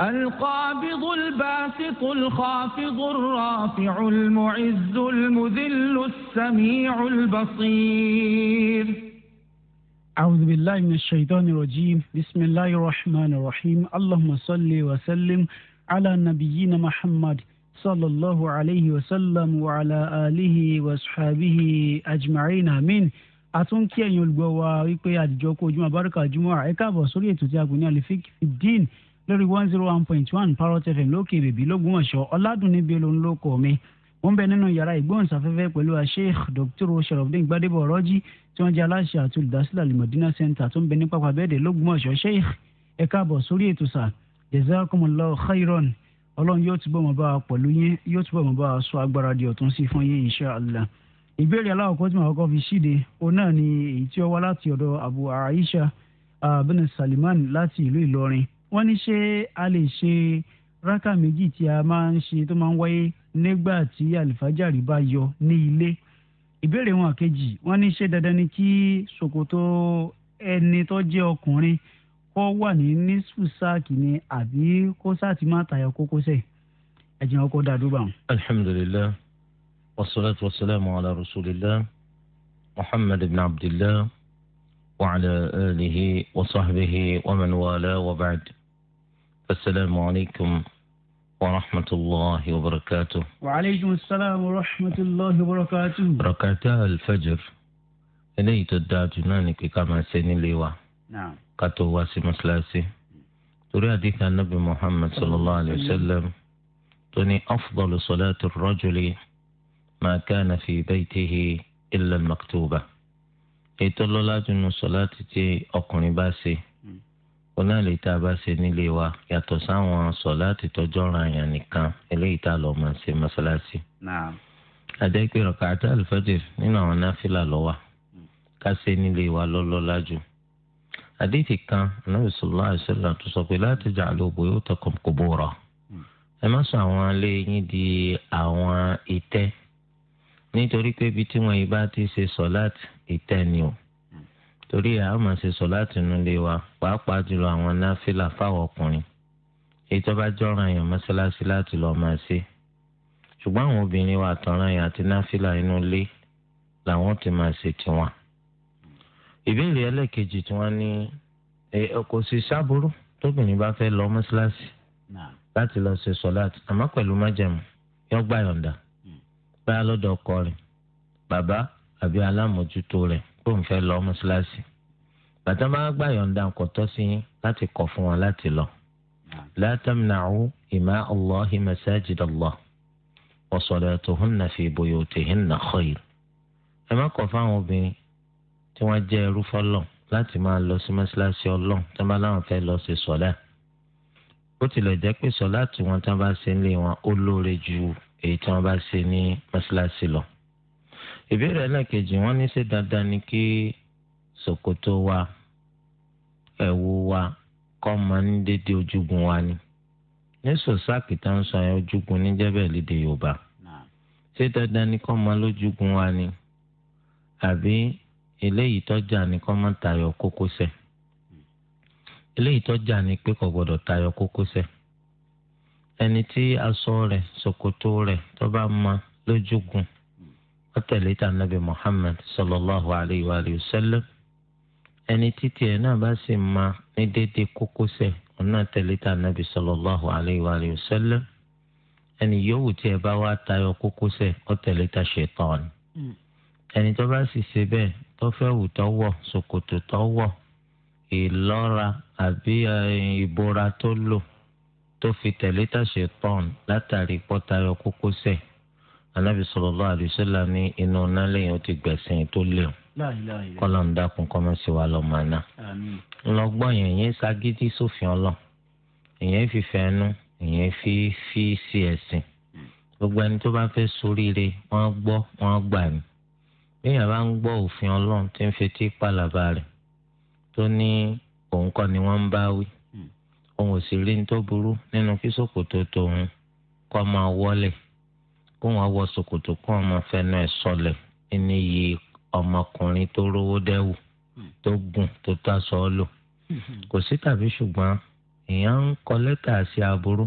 القابض الباسط الخافض الرافع المعز المذل السميع البصير أعوذ بالله من الشيطان الرجيم بسم الله الرحمن الرحيم اللهم صل وسلم على نبينا محمد صلى الله عليه وسلم وعلى آله وصحبه أجمعين آمين أتون كي أن يلقوا ويقوا يا جوكو جمع abárúkà ojúmọ́ إكابة سورية sórí ètò tí a kò lórí one zero one point one parrot fm lókè bèbí lógúnmọ̀ṣọ́ ọ̀làdúnni bíi olóhùn ló kọ́ mi wọ́n bẹ nínú yàrá ìgbóhùnsáfẹ́fẹ́ pẹ̀lú sheikh dr sharafdin gbadebo ọ̀rọ́jì tí wọ́n jẹ́ aláṣẹ àti olùdásílẹ̀ alimọ̀dínà center tó ń bẹ ní pápá bẹ́ẹ̀dẹ̀ lógúnmọ̀ṣọ́ sheikh ẹ káàbọ̀ sórí ètò sà jazakumullahu khairan ọlọ́run yóò túbọ̀ mọ́ bá a pẹ̀lú yín yóò túbọ̀ mọ́ bá a sọ agbára di ọ̀tún sí fún yín insha allah ìbéèrè aláwọ̀kọ́ tí màá kọ́ fi ṣíde òun náà ni èyí tí ó wá láti ọ̀dọ̀ abu aisha ah, bin salimani láti ìlú ìlọrin wọ́n ní ṣé a lè ṣe rákà méjì tí a máa ń ṣe tó máa ń wáyé nígbà tí àlìfájàrí bá yọ ní ilé ìbéèrè wọn kejì wọ́n ní ṣé dandan ni kí ṣòkòtò ẹni tó jẹ́ ọkùnrin kó wà ní nísù sáàkì ni àbí kó sáàtì má tayọ kókósẹ̀ ẹ jẹ́ wọn kó bá wọn. alhamdulilayi wasalaatu wasalaamu ala rasulillah muhammad ibn abdillah wa ala alihi wa sahbihi wa man wala wa ba'd. السلام عليكم ورحمة الله وبركاته وعليكم السلام ورحمة الله وبركاته ركعتا الفجر إن يتدى جنانك كما سيني لوا نعم قطو واسي مسلاسي تري حديث النبي محمد صلى الله عليه وسلم تني أفضل صلاة الرجل ما كان في بيته إلا المكتوبة يتلو لاجن صلاة تي أقني باسي oná lè tá a bá ṣe nílé wa yàtọ̀ sáwọn sọ̀láàtì tọ́jọ́ ran àyàn nìkan eléyìí tá a lọ máa ṣe mọ́ṣáláṣí. àjẹ́ pé ọ̀kà àti àlùfẹ́jẹ̀ nínú àwọn náfìlà lọ́wà ká ṣe nílé wa lọ́lọ́lá jù. àdéhìí kan anábì sọlá àṣẹlá tó sọ pé láti jà lóògbé yóò tọkàn kò bóra. ẹ má sọ àwọn alẹ́ yín di àwọn ìtẹ́ nítorí pé ibi tí wọ́n yìí bá ti ṣe sọ̀láàtì ìtẹ́ ni o. Mm torí ẹ̀ a máa ṣe sọ láti inú ilé wa pàápàá jùlọ àwọn náfìlà fáwọn ọkùnrin èyí tó bá jọ̀ràn yàn mọ́ṣáláṣí láti lọ́ọ́ máa ṣe ṣùgbọ́n àwọn obìnrin wa àtọ̀ràn yàn àti náfìlà inú ilé làwọn ti máa ṣe tiwọn. ìbéèrè ẹlẹ́ẹ̀kejì tí wọ́n ní kò sí sábúrú tóbìnrin bá fẹ́ lọ mọ́ṣáláṣí láti lọ ṣe sọ́láàtì àmọ́ pẹ̀lú májẹ̀mú yọ gbà yọ̀ǹda hmm. báyà lọ́dọ̀ ọkọ rẹ̀ bàbá àbí alámòjútó rẹ̀ pé òun fẹ́ lọ mọ́ṣáláṣí bàtà máa gbà yọ̀ǹda nǹkan tọ́ sí yín láti kọ̀ fún wọn láti lọ. la tamna'u ima allahi masajid allah wa salatuhunna fi buyutihinna khayr. ẹ má kọ̀ fáwọn obìnrin tí wọ́n jẹ́ ẹrú fọ́lọ̀ láti máa lọ sí mọ́ṣáláṣí ọlọ́run tí wọ́n bá láwọn fẹ́ lọ sí sọ́lá. bó tilẹ̀ jẹ́ pé sọ́lá tí wọ́n tán bá ṣe ń lé wọn ó lóore ju èyí tí wọ́n bá ṣe ní mọ́ṣáláṣí lọ ìbéèrè ẹlẹ́kejì wọ́n ní ṣe dandan ni kí ṣòkòtò wa ẹ̀wù wa kọ́ máa ń dédé ojúgun wa ni ní sòsáàkì tá ń sọ yẹn ojúgun ní lédè yorùbá ṣé dandan ni kọ́ máa lójúgun wa ni àbí eléyìí tọ́jà ni kọ́ máa tayọ kókósẹ̀ eléyìí tọ́jà ni pé kò gbọ́dọ̀ tayọ kókósẹ̀ ẹni tí aṣọ rẹ̀ ṣòkòtò rẹ̀ tó bá máa lójúgun ó tẹ̀lé ta nabi muhammad sallallahu alayhi wa sallam ẹni títí ẹ̀ náà bá sì máa ní dédé kókósẹ̀ ọ̀nà tẹ̀lé ta nabi sallallahu alayhi wa sallam ẹni yòówù tí ẹ bá wá tayọ kókósẹ̀ ó tẹ̀lé ta ṣẹ̀tán mm. ẹni tó bá sì ṣe bẹ́ẹ̀ tó wù tó wọ̀ ṣòkòtò tó wọ̀ ìlọ́ra àbí eh, ìbora tó lò tó fi tẹ̀lé ta ṣẹ̀tán látàrí pọ́tayọ kókósẹ̀ anabi sallallahu alaihi wasallam ní inú nálẹyìn ó ti gbẹ̀sìn tó léwu kọlọ ń dákun kọmọ sí wa lọ màá náà ńlọgbọn yẹn yẹn ságídí sófin ọlọ ìyẹn fífẹ ẹnu ìyẹn fi fi sí ẹ̀sìn gbogbo ẹni tó bá fẹ́ soríire wọ́n gbọ́ wọ́n gbà ní bíyàn bá ń gbọ́ òfin Ọlọ́run tí ń fetí pàlàbà rẹ̀ tó ní òun kọ́ ni wọ́n ń bá wí hmm. òun ò sì rí ní tó burú nínú kí ṣòkòtò tòun kọ́ máa wọlé kó wọn wọ ṣòkòtò kó ọmọ fẹnu ẹ̀ sọlẹ̀ ẹni yìí ọmọkùnrin tó rówó dẹ́wù hmm. tó gùn tó tó aṣọ ọ lò hmm. kò sí tàbí ṣùgbọ́n èèyàn ń kọ lẹ́tà sí aburú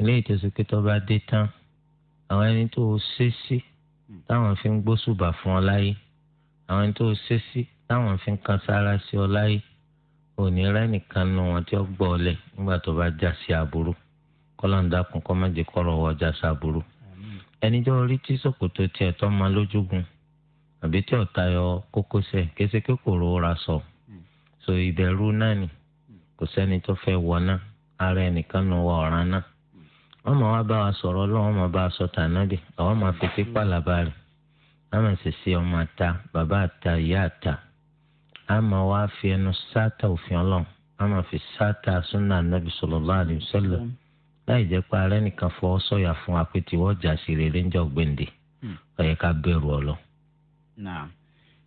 ilé ìtòsí pé tó bá dé tán àwọn ẹni tó ṣe sí táwọn fi ń gbósùbà fún ọ láyé àwọn ẹni tó ṣe sí táwọn fi ń kan sára sí ọ láyé òní rẹ́nìkan nu wọn tí ó gbọ́ ọ lẹ̀ nígbà tó bá já sí aburú kọ́lọ́ńdà kún kọ́ má jẹ́ kọ́rọ̀ wọ́n já sí aburú. ẹni tó rí tí ṣòkòtò tiẹ̀ tó máa lójúgun àbí tí ọ̀tá yọ kókósẹ̀ sọ so ìbẹ̀rù náà ni kò sẹ́ni tó fẹ́ wọ náà ara ẹnìkan nù wọ ọ̀ràn náà wọ́n wá bá wa sọ̀rọ̀ lọ́wọ́ máa bá a sọ tànádì àwọn máa fi sí pàlàbà rẹ̀ á sì sí ọmọ bàbá ìyá fi ẹnu òfin ọlọ́run fi súnà láì jẹ́ pé ara ẹnìkan fọ́ sọ̀yà fún wa pé tiwọ́ jà sí rere ń jọ gbèǹde ọ̀yẹ́ hmm. ká bẹ̀rù ọ lọ.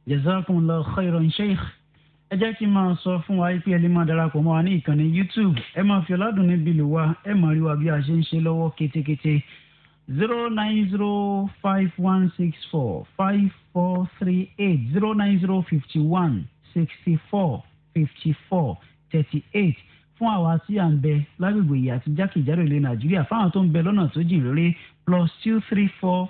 jazakumullahu khairan sheikh ẹ jẹ́ kí n máa sọ fún wa pé máa darapọ̀ mọ́ wa ní ìkànnì youtube ẹ máa fi ọ̀làdùn níbi lò wá ẹ máa rí wa bí a ṣe ń ṣe lọ́wọ́ kétékété zero nine zero five one six four five four three eight zero nine zero fifty one sixty four fifty four thirty eight fún àwa tí à ń bẹ lágbègbè yìí àti jákèjádò ilẹ̀ nàìjíríà fáwọn tó ń bẹ lọ́nà tó jìn réré plus two three four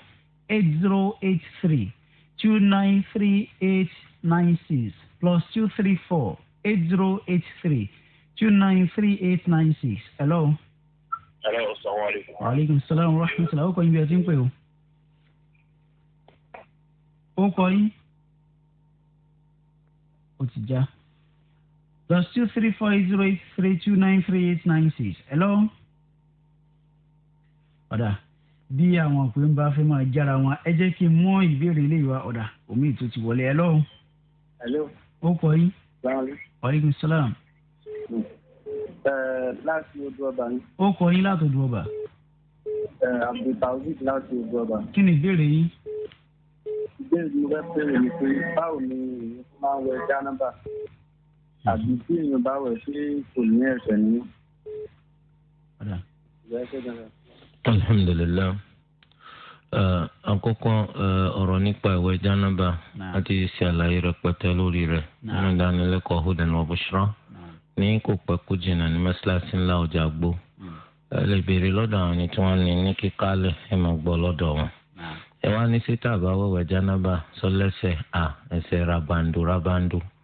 eight zero eight three two nine three eight nine six plus two three four eight zero eight three two nine three eight nine six. hello. hello salaamaleykum. waaleykum salaam wa rahmatulah. ó kọ́ yín bí ẹ ti ń pè o. ó yín. ó ti já. Ja plus two three four eight zero eight three two nine three eight nine six. hello. ọ̀dà bí àwọn òpè ń bá fẹ́ máa jára wọn ẹ jẹ́ kí n mú ìbéèrè ilé ìwà ọ̀dà omi ètò ti wọlé hello. hello. ó kọ yín. aleykum salaam. láti odò ọba ni. ó kọ yín láti odò ọba. abdultaofiq láti odò ọba. kí ni ìbéèrè yín. ìbéèrè mi fẹ́ bẹ̀rẹ̀ ni pé báwo ni èyí máa ń wẹ jánábà àti tí èèyàn bá wẹ̀ sí kò ní ẹ̀ṣẹ̀ ní. alhamdulilayi àkọ́kọ́ ọ̀rọ̀ nípa ìwẹ̀ jánaba àti ṣe àlàyé rẹpẹtẹ lórí rẹ̀ nínú ìdánilẹ́kọ̀ọ́ hudan wa bushra ní kò pẹ́ kó jìnnà ní mẹ́sàlásí ńlá ọjà gbó ẹ lè béèrè lọ́dọ̀ àwọn ẹni tí wọ́n ní ní kíkálẹ̀ ẹ máa gbọ́ lọ́dọ̀ wọn ẹ wá ní sítà bá wẹ̀wẹ̀ jánaba sọlẹ́sẹ̀ à ẹsẹ̀ rabandu rabandu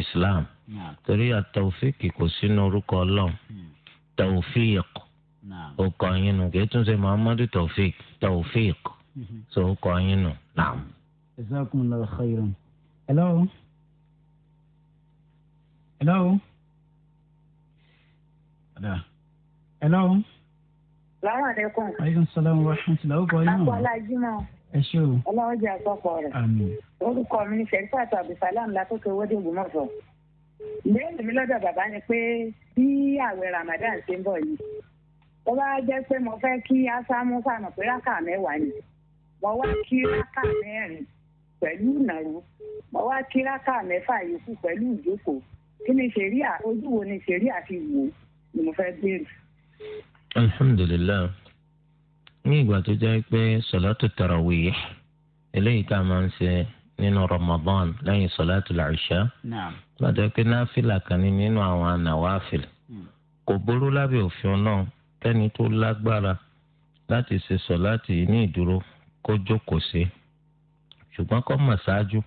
islam torí àtàwọ̀fíìkì kò sínú orúkọ ọlọ́run tàwọ̀fíìk ó kọ yín nù kí tún ṣe muhammadu tàwọ̀fíìk tàwọ̀fíìk tó ó kọ yín nù naam. jazakumullahu khairan. hello. hello. hello. salaamaleykum. aleykum salaam wa rahmatulah. ó kọ ẹ ṣé o. ọlọ́run jẹ́ àpapọ̀ rẹ̀. orúkọ mi ni sẹ́rífàtà abdulsalam látòkè owóde ògbómọ̀ṣọ́. ìbéèrè mi lọ́dọ̀ bàbá ni pé bí àwẹ̀ ramadan ṣe ń bọ̀ yìí tó bá jẹ́ pé mo fẹ́ kí asámú sànà pé rákà mẹ́wàá ni mo wá kí rákà mẹ́rin pẹ̀lú ìnáwó mo wá kí rákà mẹ́fà yòókù pẹ̀lú ìjókòó kí ni ṣẹ̀ríà ojú wo ni ṣẹ̀ríà fi wò ni mo fẹ́ béèrè. alhamdulilayi ní ìgbà tó jẹ́ pé sọ̀látù tarawih eléyìí tá a máa ń ṣe nínú Ramadan lẹ́yìn sọ̀látù làṣà gbàdọ̀ pé náfìlà kan ní nínú àwọn ànàwáfìlà hmm. kò burú lábẹ́ òfin náà kẹ́ni tó lágbára láti ṣe sọ̀látù yìí ní ìdúró kó jókòó sí ṣùgbọ́n kó mọ̀ ṣáájú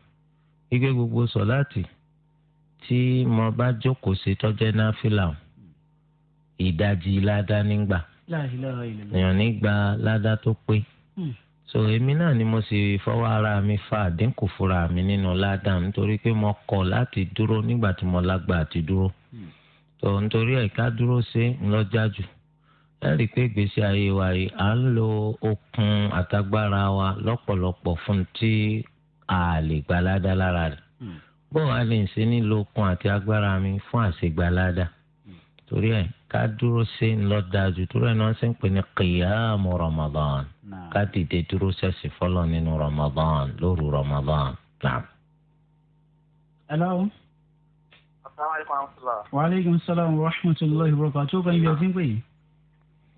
gbígbé gbogbo sọ̀látù tí mo bá jókòó sí tọ́jẹ́ náfìlà ìdajì ládá nígbà èèyàn ní gba ládá tó pé hmm. so èmi náà ni mo sì fọwọ́ ara mi fa àdínkù fúnra mi nínú ládá nítorí pé mo kọ̀ láti dúró nígbà tí mo lágbà àti dúró tó hmm. nítorí ẹ̀ka dúró ṣe ńlọ́jà jù ẹ rí i pé ìgbésí ayé wa yìí à ń lo okun àtagbára wa lọ́pọ̀lọpọ̀ fún tí a lè gba ládá lára rẹ̀ hmm. bó wàá lè ṣe nílò okun àti agbára mi fún àṣegbáládá. Mm torí ẹ ká dúró ṣe ń lọ dájú torí ẹ náà ṣe ń pè ní kìyàmù ramadan ká dìde dúró ṣẹ̀ṣì fọlọ́ nínú ramadan lóru ramadan náà. hello. asalaamualeykum wa waaleykum salaam wa rahmatulahi wa barakatuh kan ibi ọtí ń pè yìí.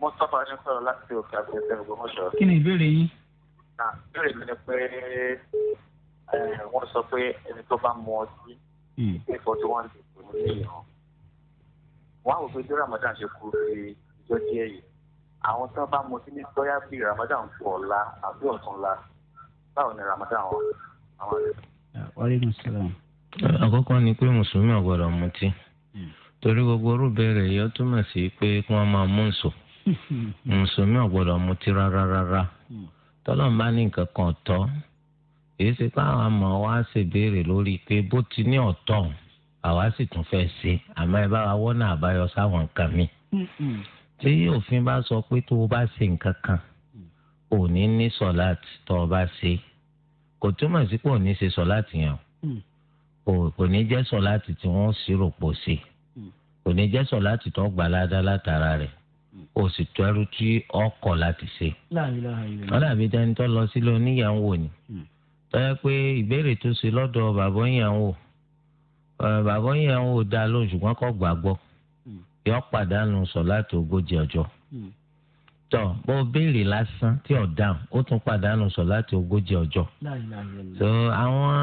mustapha ní sọ̀rọ̀ láti òkè àgbẹ̀sẹ̀ ògbómọ̀ṣọ́. kí ni ìbéèrè yín. náà ìbéèrè mi ni pé wọ́n sọ pé ẹni tó bá mu ọtí hmm. ní forty one days kò ní wọ́n á wò pé bí Ramadan ṣe kú sí ìjọ díẹ̀ yìí àwọn tó bá mutí ní bóyá bíi Ramadan kú ọ̀la àbí ọ̀túnla báwo ni Ramadan wọn àwọn rẹ̀. wàlẹ́kùn sàlám. àkọ́kọ́ ni pé mùsùlùmí ò gbọ́dọ̀ mutí hmm. torí gbogbo orúbẹ̀rẹ̀ yìí ó túmọ̀ sí pé kí wọ́n máa mú nsò mùsùlùmí ò gbọ́dọ̀ mutí rárá rárá hmm. tọ́lọ́mù bá ní nǹkan kan tọ́ èyí ṣe pé àwọn àmọ́ wa ṣèbéèrè lórí pé bó ti ní ọ̀tọ̀ ọ̀hún àwa sì tún fẹ́ ṣe àmọ́ ẹ bá wa wọ́nà àbáyọ sáwọn nǹkan mi. tí òfin bá sọ pé tó o bá ṣe nǹkan kan mm. ò ní ní sọ̀láàtì tó o bá ṣe kò túmọ̀ sí pé ò ní ṣe sọ̀láàtì yẹn o mm. kò ní jẹ́ sọ̀láàtì tí wọ́n sì rò pò ṣe mm. kò ní jẹ́ sọ̀láàtì tó gbà ládá látara rẹ̀ o sì tẹ́rù tí ọ kọ̀ láti ṣe. wọ́n dàbí dání tó lọ sílé oníyàwó ni tọ́yẹ pé ìbéèrè tó ṣe lọ́dọ̀ bàbá ìyàwó bàbá yẹn ò dá lóhùn ṣùgbọ́n kò gbàgbọ́ hmm. yọ pàdánù sọ̀láàtì ogójì ọjọ́ hmm. tọ bó béèrè lásán tí ò dáhùn ó tún pàdánù sọ̀láàtì ogójì ọjọ́ so àwọn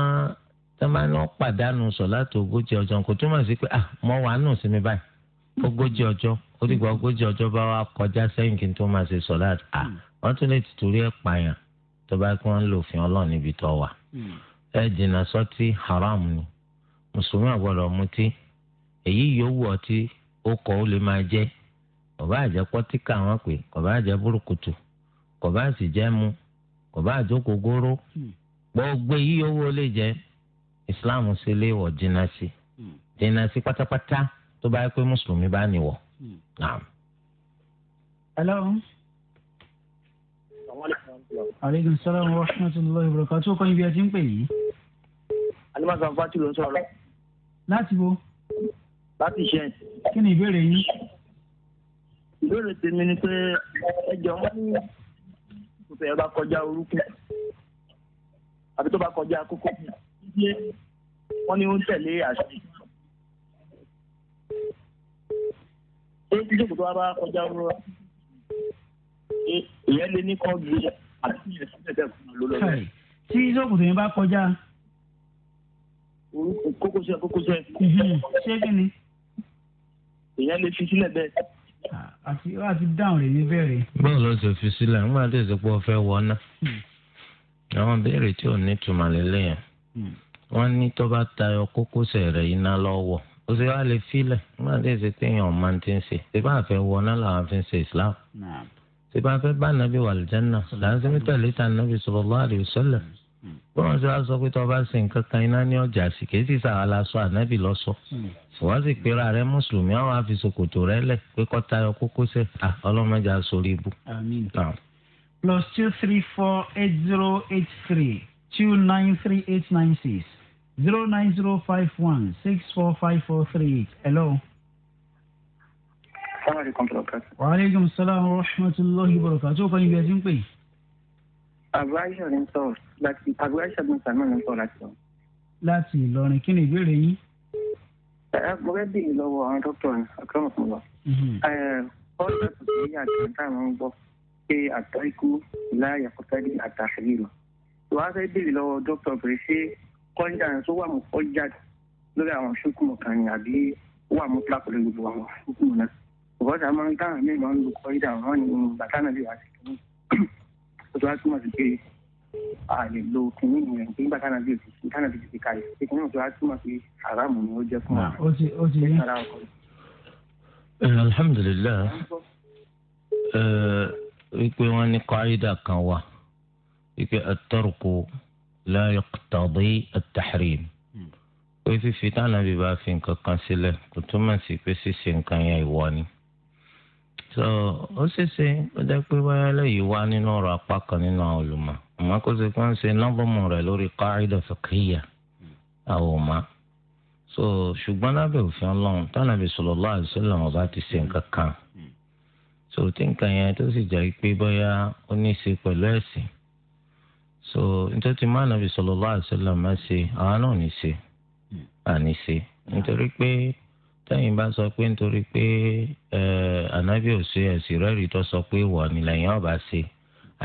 tó máa ń pàdánù sọ̀láàtì ogójì ọjọ́ kò túmọ̀ sí pé ah mo wà nù sí mi báyìí ogójì ọjọ́ ó dìgbà ogójì ọjọ́ bá wa kọjá sẹ́yìn kí n tó máa ṣe sọ̀láàtì ah hmm. wọ́n tún lè tìtorí ẹ̀ pààyàn tó bá kí wọ́n lòfin ọlọ́run níbi tó wà ẹ jìnnà sọ́tì haram ni mùsùlùmí àgbọ̀dọ̀ mutí èyí yòówù ọtí ó kọ́ ó lè máa jẹ́ kọ̀bá àjẹ́ pọ́tíkà wọn pè kọ̀bá àjẹ́ burúkutu kọ̀bá àti jẹ́ mu kọ̀bá àjókòó góró hmm. gbọ́gbé yìí yòówù ó lè jẹ́ islam ṣe lè wọ̀ jìnnà sí hmm. jìnnà sí pátápátá tó bá yẹ pé mùsùlùmí bá nìwọ̀ hmm. naam. hello. aleykum salaam wa rahmatulahi wa barakatuh kọ́ ibi ẹ ti ń pè yìí. alimasa fati ló ń sọ̀rọ̀ láti wo. láti ṣe. kí ni ìbéèrè yín. ìbéèrè tèmi ni pé ẹjọ wọn ní ìfẹ́ bá kọjá orúkọ àbí tó bá kọjá kókó wọn ni ó ń tẹ̀lé àṣẹ. ṣé ìjókòó tó bá kọjá orúkọ ìyẹn lè ní kọ́ àti ìyẹn sílẹ̀ tẹ̀ fún un lọ́lọ́dọ̀. tí ìjókòó tó yẹn bá kọjá kókósẹ̀ kókósẹ̀. Mhm. ṣé kí ni. èèyàn lè fi sílẹ̀ bẹ́ẹ̀. àti láti dáhùn rẹ̀ níbẹ̀rẹ̀. báwo ló ṣe fi sílẹ̀ nígbà tó ṣe pé ó fẹ́ wọná. Hmm. àwọn béèrè tí ò ní tùmọ̀ lélẹ́yìn hmm. wọ́n ní tó bá tayọ kókósẹ̀ rẹ̀ iná lọ́wọ́ ó ṣe wá lè filẹ̀ nígbà tí èsì téèyàn máa ń ti ń ṣe ṣé bá fẹ́ wọná làwọn fi ń ṣe Islam ṣé bá fẹ́ bá nàbí wàlìjánà làwọn ṣe ń tẹ̀lé bọ́lá ṣe wá sọ pé tó o bá ṣe nǹkan kan iná ní ọjà sí kì í sì sàwọn aláṣọ ànábì lọ́sọ hmm. wọ́n sì pera rẹ mùsùlùmí àwọn àfisòkòtò rẹ lẹ̀ pé kọ́ tayọ kókó sẹ́ ọlọ́mọdé àsorí ibú. plus two three four eight zero eight three two nine three eight nine six zero nine zero five one six four five four three eight hello. salaamaleykum wa rahmatulahi wa barakatuh o kàn yín bí ẹ ti ń pè é àgbáyọ̀ ní sọ̀rọ̀ láti àgbáyọ̀ ní sàmì ní sọ̀rọ̀ láti. láti Ìlọrin kí ni ìbéèrè yín. mo fẹ́ bèèrè lọ́wọ́ àwọn dókítà ní akérò fún wa. Mhm. ọ̀rọ̀ ìpè àtàn táwọn ń gbọ́ pé àtọ́ ikú láàyè kọ́tàdé àtàṣírò. wàá fẹ́ bèèrè lọ́wọ́ dókítà pé ṣé kọ́ńjà tó wà mú kọ́jà lórí àwọn ṣókùnmọ̀ kan ni àbí wà mú pílà pẹ̀lú gbogbo àwọn ṣókùnmọ̀ náà. ìwọ́n máa ń dáhùn ọjọ́ wa túmọ̀ sí pé a lè lo kìnìún ìyẹn nígbà táwọn àbí òsì táwọn àbí ti kalẹ̀ pé kìnìún ọjọ́ wa túmọ̀ sí haramu ni ó jẹ́ fún wa. ó ti ó ti yé. alhamdulilayi wípé wọ́n ní kọ́ídà kan wà wípé at-tarku la yaqtadi at-tahrim pé fífi táwọn àbí bá fi nǹkan kan sílẹ̀ kò túmọ̀ sí pé ṣíṣe nǹkan yẹn ìwọ ni. so ó ṣeéṣe ó jẹ́ pé wáyà wá nínú apá kan nínú àwọn kó ṣe ṣe so ṣùgbọ́n lábẹ́ òfin ọlọ́run tánàbí sallallahu alaihi wasallam ti ṣe nǹkan so tí nǹkan yẹn tó sì pé bóyá ó ní í ṣe so nítorí ṣe àwọn tẹ́yìn bá sọ pé nítorí pé ànábì ò ṣe ẹ̀sìn rẹ́rìí tó sọ pé wọ̀ ni lẹ́yìn ọba ṣe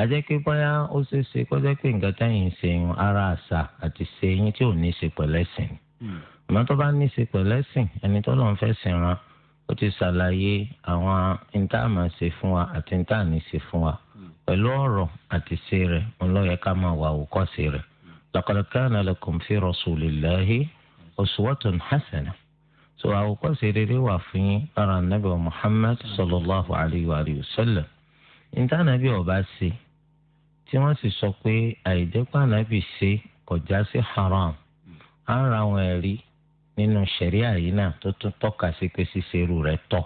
àjẹ́ pé bóyá ó ṣeé ṣe kó jẹ́ pé nǹkan tẹ́yìn ṣèyún ara àṣà àti ṣèyún tí ò ní ṣe pẹ̀lẹ́sìn hmm. àmọ́ tó bá ní ṣe pẹ̀lẹ́sìn ẹni tó lọ́n fẹ́ sìn ó ti ṣàlàyé àwọn ntáàmà ṣe fún wa àti ntáàní ṣe fún wa hmm. pẹ̀lú ọ̀rọ̀ àti ṣe rẹ̀ ńlọ́yẹ ká máa wà àwòkọ́ṣe rẹ̀ hmm. laqad kana lakum fi rasulillahi uswatun hasanah so àwòkọ́ṣe rere wà fún yín lára nàbẹ̀ Muhammad sallallahu alayhi wa sallam ìtànàbí ọba ṣe tí wọ́n sì sọ pé àìjẹ́pà nàbì ṣe kọjá sí haram á ra àwọn ẹ̀rí nínú ṣẹ̀ríà yìí náà tó tún tọ́ka sí pé ṣíṣerú rẹ̀ tọ́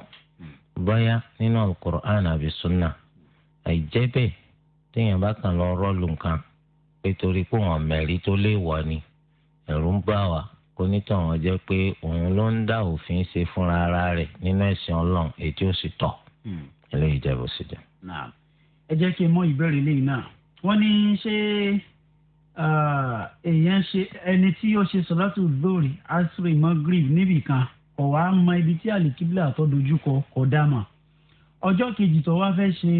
bóyá nínú alukur'an àbí sunna àìjẹ́ bẹ́ẹ̀ téèyàn bá kàn lọ rọ́ọ̀lù nǹkan pé torí pé wọ́n mẹ̀rí tó léèwọ̀ ni ẹ̀rù ń bá wa onítọ̀hún jẹ́ pé òun ló ń dá òfin ṣe fúnra ara rẹ̀ nínú ẹ̀sìn ọlọ́run èyí tí ó sì tọ̀ hmm. eléyìí jẹ́ bó ṣe jẹ́. ẹ jẹ́ kí n mọ ìbéèrè lẹ́yìn náà wọ́n ní ṣé èèyàn ṣe ẹni tí ó ṣe sọ́látù lórí asre magrib níbì kan kò wá mọ ibi tí alikibla tó kò dá mọ̀ ọjọ́ kejì tó wá fẹ́ ṣe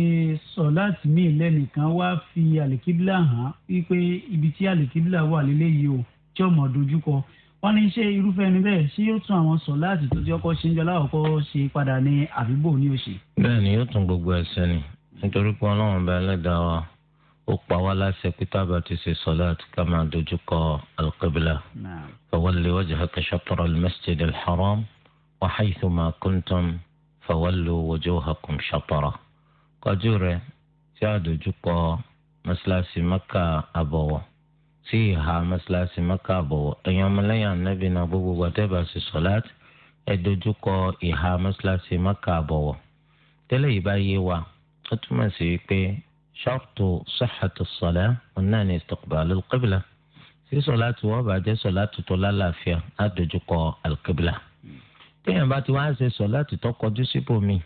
sọ́láàtì míì lẹ́nìkan wá fi alikibla hàn wípé ibi tí alikibla wà lélẹ́yìí o tí ọmọ dojúkọ wọ́n ní ṣé irúfẹ́ ẹni bẹ́ẹ̀ ṣé yóò tún àwọn sọ láti tó tí ọkọ̀ ṣe ń jọ láwọ̀kọ́ ṣe padà ní àbíbò ní òṣì. bẹ́ẹ̀ ni yóò tún gbogbo ẹ̀ṣẹ̀ ni nítorí pé ọlọ́run bá ẹlẹ́dàá wa ó pa wá láṣẹ pé tábà ti ṣe sọláàt ká máa dojú kọ alqibla fawalli wajhaka shatra almasjid alharam wa haythu ma kuntum fawallu wujuhakum shatra kọjú rẹ tí a dojú kọ mọ́ṣáláṣí sí ìhà mọ́ṣáláṣí mẹ́kà àbọ̀wọ̀ ẹ̀yin ọmọlẹ́yìn anábì náà gbogbo gbàtẹ́bà sí sọ́láàtì ẹ dojúkọ ìhà mọ́ṣáláṣí mẹ́kà àbọ̀wọ̀ tẹ́lẹ̀ yìí bá yé wa ó túmọ̀ sí wípé ṣọ́ọ̀tù sọ́hàtù sọ́lá òun náà ní istiqbalul qibla sí sọ́láàtì wọ́n bàjẹ́ sọ́láàtì tó lálàáfíà á dojúkọ alqibla téèyàn bá ti wá ṣe sọ́láàtì tó kọjú síbòmíì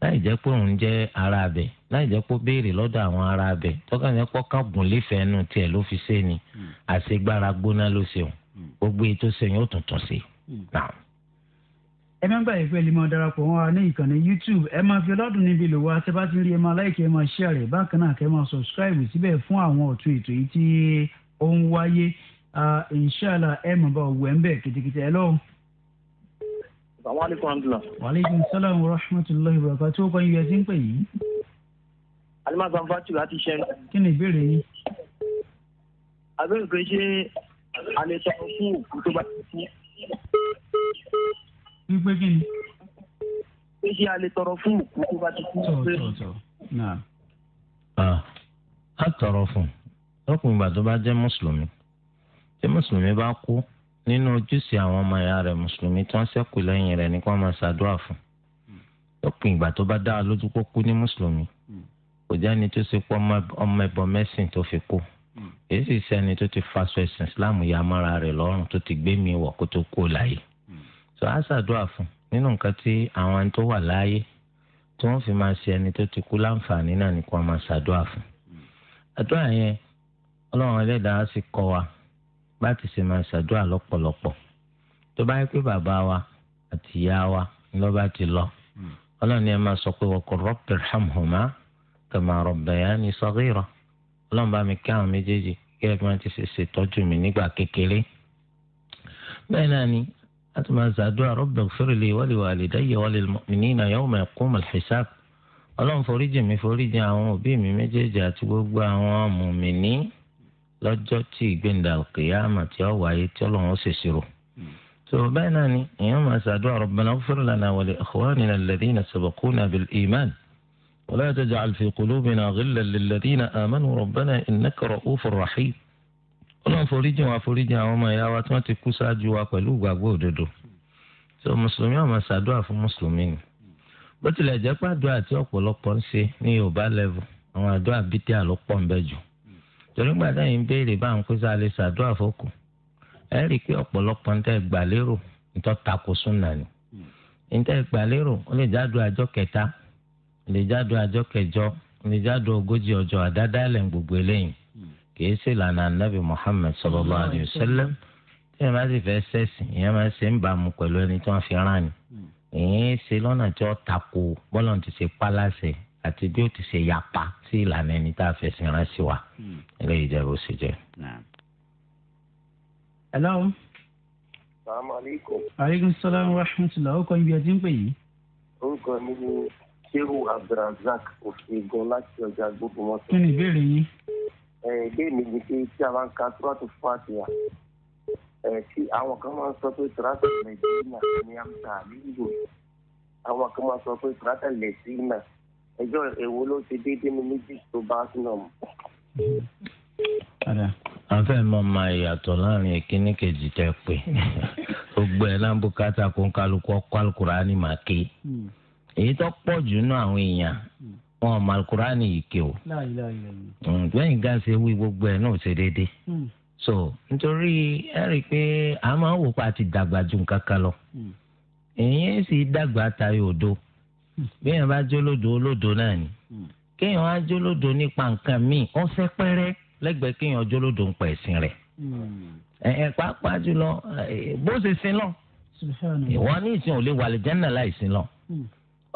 láì jẹ́ pé òun jẹ́ ara abẹ láì jẹ́ pé béèrè lọ́dọ̀ àwọn ara abẹ tọ́ka jẹ́ pé ọkàn gùn lífẹ̀ẹ́ nu tiẹ̀ ló fi ṣe ni hmm. àṣegbára gbóná ló ṣeun hmm. gbogbo ètò ṣẹyìn tuntun ẹ máa ń gbà wọn ní ìkànnì YouTube ẹ máa fi ọlọ́dún níbi rí ẹ máa láìkí ẹ máa rẹ̀ fún àwọn ọ̀tún ètò yìí wáyé ah, ẹ máa bá òwú ń sàmúlẹ́kùn àǹtìlá. wàlẹ́kùn sálàmù rahmatulahi bàbá tí ó kọ́ iye tí ń pè yìí. alimasa fatu láti ṣẹ́. kí ni ìbéèrè yìí. abẹ́rẹ́ pé ṣé alẹ́ sọ fún òkú tó bá ti kú. wípé kí ni. pé ṣé alẹ́ tọrọ fún òkú tó bá ti kú. tọ̀ tọ̀ tọ̀ náà. a tọrọ fún lọ́kùnrin ìgbà tó bá jẹ́ mùsùlùmí tí mùsùlùmí bá kú nínú ojúṣe àwọn ọmọ ìyá rẹ̀ mùsùlùmí tí wọ́n ṣẹ́kù lẹ́yìn rẹ̀ ní kí wọ́n máa ṣàdúrà fún lópin ìgbà tó bá dá a lójú pé kú ní mùsùlùmí kò jẹ́ni tó ṣe pọ́ ọmọ ẹbọ mẹ́sìn tó fi kú èyí sì sẹ́ni tó ti faṣọ ẹ̀sìn islam ya mọ́ra rẹ̀ lọ́rùn tó ti gbé mi wọ̀ kó tó kú láyé tó a ṣàdúrà fún nínú nǹkan tí àwọn ẹni tó wà láyé tí wọ́n fi máa ṣe ẹni tó ti kú láǹfààní náà ní kí wọ́n máa ṣàdúrà fún ọlọ́run ẹlẹ́dàá sì kọ́ wa bá ti ṣe máa ṣàdúrà lọ́pọ̀lọpọ̀ tó bá yẹ pé bàbá wa àti ìyá wa ló bá ti lọ hmm. ọlọ́ni ẹ máa sọ pé wa qur rabbi irhamhuma kama rabbayani saghira ọlọ́run bá mi kí àwọn méjèèjì kí ẹ máa ti ṣe ṣètọ́jú mi nígbà kékeré bẹ́ẹ̀ náà ni a ti máa ṣàdúrà rabbi ighfir li wa li walidayya wa lil mu'minina yawma yaqumul hisab ọlọ́run foríjì mi foríjì àwọn òbí mi méjèèjì àti gbogbo àwọn mùmíní lọ́jọ́ tí ìgbéǹda kìyàmà tí ó wáyé tí ọlọ́run ó ṣèṣirò. tó bẹ́ẹ̀ náà ni èèyàn máa ṣàdúrà rabbana ighfir lana wa li ikhwanina alladhina sabaquna bil iman wa la taj'al fi qulubina ghillan lilladhina amanu rabbana innaka ra'ufur rahim. ọlọ́run foríjì wa foríjì àwọn ọmọ ìyá wa tí wọ́n ti kú ṣáájú wa pẹ̀lú ìgbàgbọ́ òdodo. tó torí gbàdá yìí ń béèrè bá ń pèsè àlè ṣàdúrà fọkù ẹ rí i pé ọ̀pọ̀lọpọ̀ ń tẹ́ gbà lérò nítọ́ tako súnà ni ń tẹ́ gbà lérò ó lè jáde àjọ kẹta ó lè jáde àjọ kẹjọ ó gbogbo eléyìí kìí ṣe Muhammad sallallahu alayhi wa tí ẹ bá sì fẹ́ sẹ́sìn ìyẹn máa ṣe ń pẹ̀lú ẹni tí wọ́n fi rán ni tako bọ́lọ̀ ti ṣe pálásẹ̀ àti bí ó ti ṣe yapa sí ìlànà ẹni tá a fẹsẹ̀ ránṣẹ́ wa hmm. eléyìí jẹ́ bó ṣe jẹ́. hello. salaamaleykum. aleykum salaam wa rahmatulah ó kọ́ ibi ẹtí ń pè yìí. orúkọ mi ni shehu abdulrasaq òṣègùn láti ọjà gbogbo mọ́tò. kí ni ìbéèrè yín. ẹ ìbéèrè mi ni pé tí a bá ń ka túrọ́tù fàtíà ẹ tí àwọn kan máa ń sọ pé túrọ́tù nàìjíríà ní amsa nílùú àwọn kan máa ń sọ pé túrọ́tù lẹ́sìn ẹjọ́ èwo ló ti déédéé ní méjì tó bá sínú ọmọ. a fẹ́ mọ máa yàtọ̀ láàrin ìkíní kejì tẹ́ pé gbogbo ẹ̀ lámbùkátà kó ń kálukú ọkọ alukurani máa ké èyí tó pọ̀ jù nínú àwọn èèyàn wọn ò malukurani yìí ké o lẹ́yìn gáàsì ewu gbogbo ẹ̀ náà ṣe déédéé hmm. so nítorí ẹ rí i pé a máa ń wò pa àti dàgbà ju nǹkan kan lọ hmm. èyí sì dàgbà tayọ òdo béèyàn bá jólódò olódò náà ni hmm. kéèyàn á jólódò nípa nǹkan míì ó fẹ́ pẹ́rẹ́ lẹ́gbẹ̀ẹ́ kéèyàn jólódò ń pa ẹ̀sìn rẹ̀ hmm. ẹ̀ pàápàá jùlọ eh, bó ṣe sin lọ ìwọ ní ìsìn ò lè wà lè jẹ́nà láì sin lọ hmm.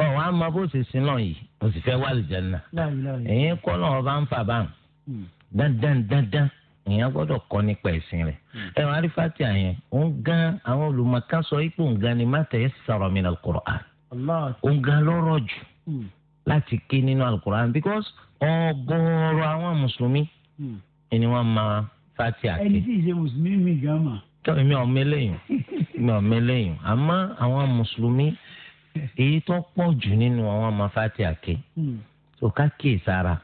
ọ̀hún á mọ bó ṣe sin lọ yìí ó sì fẹ́ wà lè jẹ́nà ẹ̀yìn kọ́ náà ọba ń fà báyìí dandan dandan èèyàn gbọ́dọ̀ kọ́ nípa ẹ̀sìn rẹ̀ ẹ̀ wọ́n àyẹn òun gan àwọn olùmọ̀ká sọ ipò òun gan ni má tẹ̀ ẹ́ sọ̀rọ̀ mi nà Al-Qur'an òǹgà lọ́rọ̀ jù hmm. láti ké nínú alukur'an because ọ̀gọ̀ọ̀rọ̀ àwọn mùsùlùmí hmm. ni wọ́n máa fati àké. ẹni tí ìṣe mùsùlùmí mi gan mà. tọ́ èmi ò mẹ́lẹ́yìn èmi ò mẹ́lẹ́yìn àmọ́ àwọn mùsùlùmí èyí tó pọ̀ jù nínú àwọn máa fati àké. tó hmm. ká kíyè sára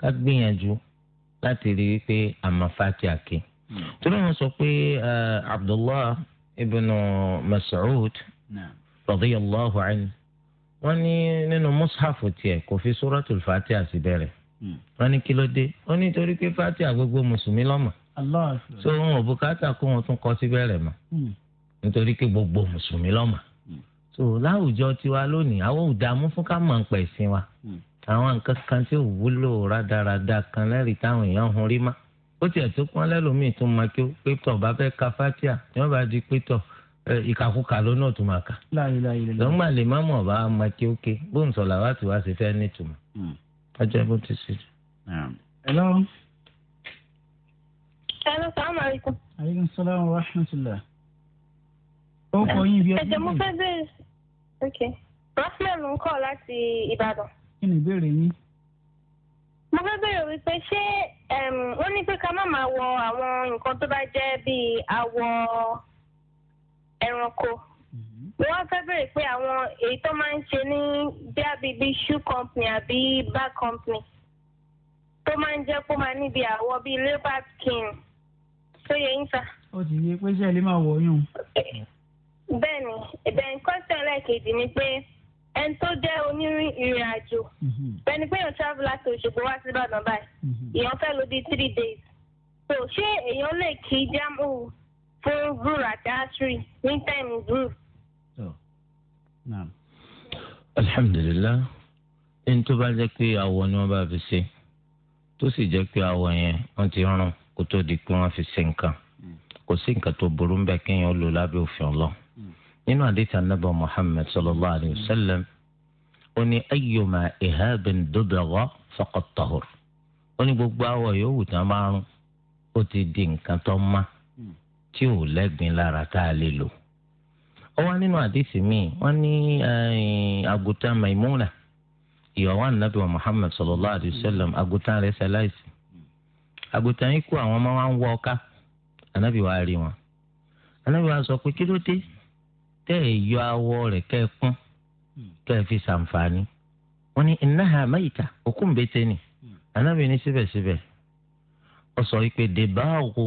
ká gbìyànjú láti rí pé àmà fati àké. torí wọn sọ pé eh, Abdullah ibn Mas'ud radiyallahu anhu wọ́n ní nínú mọ́sáàfù tiẹ̀ kò fi suratul fatiha sí bẹ̀rẹ̀ hmm. wọ́n ní kí ló dé ó ní torí pé fatiha gbogbo mùsùlùmí lọ́mọ so wọn ò bùkátà kó wọn tún kọ sí bẹ̀rẹ̀ mọ́ hmm. nítorí pé gbogbo mùsùlùmí lọ́mọ hmm. so láwùjọ tiwa lónìí àwọn ò dààmú fún ká mọ̀ ń pẹ̀ sí wa àwọn nǹkan kan tí ò wúlò rádaràda kan lẹ́rìí táwọn èèyàn hun rí má ó tiẹ̀ tó pọ́n lẹ́lòmíì tó máa kí ó pé tọ̀ bá fẹ́ ka fatiha ni wọ́n bá di pé tọ̀ ìkàkùkà ló náà tó máa kà. lọ́gbà lè má mọ̀ bá ọmọ kí ó ké bó ń sọ̀lá wá tí wàá ṣe fẹ́ nítumọ̀. Hmm. ọjọ́ bó ti ṣe. ẹ̀lọ́. ẹ̀lọ́ sàmà àríkùn. aleykum salaam wa rahmatulah. ó kọ yín bí ọdún. ẹ̀jẹ̀ mo fẹ́ bẹ̀rẹ̀ ok rasmel ń kọ́ láti Ìbàdàn. kí ni ìbéèrè yín. mo fẹ́ bẹ̀rẹ̀ wípé ṣé wọ́n ní pé ká má máa wọ àwọn nǹkan tó bá jẹ́ bíi àwọ̀ ẹranko mm-hmm. mo wá fẹ́ bèrè pé àwọn èyí tó máa ń ṣe ní bíi bíi shoe company àbí bag company tó máa ń jẹ́ kó máa níbi àwọ̀ bíi labour skin tó yẹ ń ta. ó ti yé pé ṣe lè máa wọ̀ yún. bẹ́ẹ̀ni ìbẹ̀rù kọ́sẹ̀ lẹ́ẹ̀kejì ni pé ẹni tó jẹ́ onírìn ìrìn àjò bẹ́ẹ̀ni mm-hmm. pé èèyàn travel láti Òṣogbo wá sí Ìbàdàn báyìí mm-hmm. èèyàn fẹ́ lò di three days so ṣé èèyàn lè kí jámù fún zuru àti asiri ní táìmù zuru. Oh. alhamdulillah ní tó bá jẹ́ pé awọ ni wọ́n bá fi ṣe tó sì jẹ́ pé awọ yẹn wọ́n ti rán kó tó di pé wọ́n fi ṣe nǹkan kò sí nǹkan tó burú ń bẹ kéèyàn lò lábẹ́ òfin ọlọ́run nínú àdìtà nàbà muhammed sallallahu alayhi wa ó ní ayyuma ihabin dubagha faqad ó ní gbogbo awọ yòówù tán márùn ó ti di nǹkan tó máa tí ò lẹ́gbin lára tá a lè lò. ó wá nínú àdìsí míì wọ́n ní eh, àgùntàn Maimuna ìyàwó ànábì wa Muhammad sallallahu alayhi wa sallam àgùntàn rẹ̀ ṣaláìsì. àgùntàn yìí àwọn ọmọ wa ń wọ ọká ànábì wa rí wọn. ànábì wa sọ pé kí ló dé tẹ́ ẹ̀ yọ awọ rẹ̀ kẹ́ ẹ kún kẹ́ ẹ fi ṣàǹfààní. wọ́n ní innaha mayta òkú ń bẹ́tẹ̀ ni ànábì ní síbẹ̀síbẹ̀ ó sọ pé dèbáàgò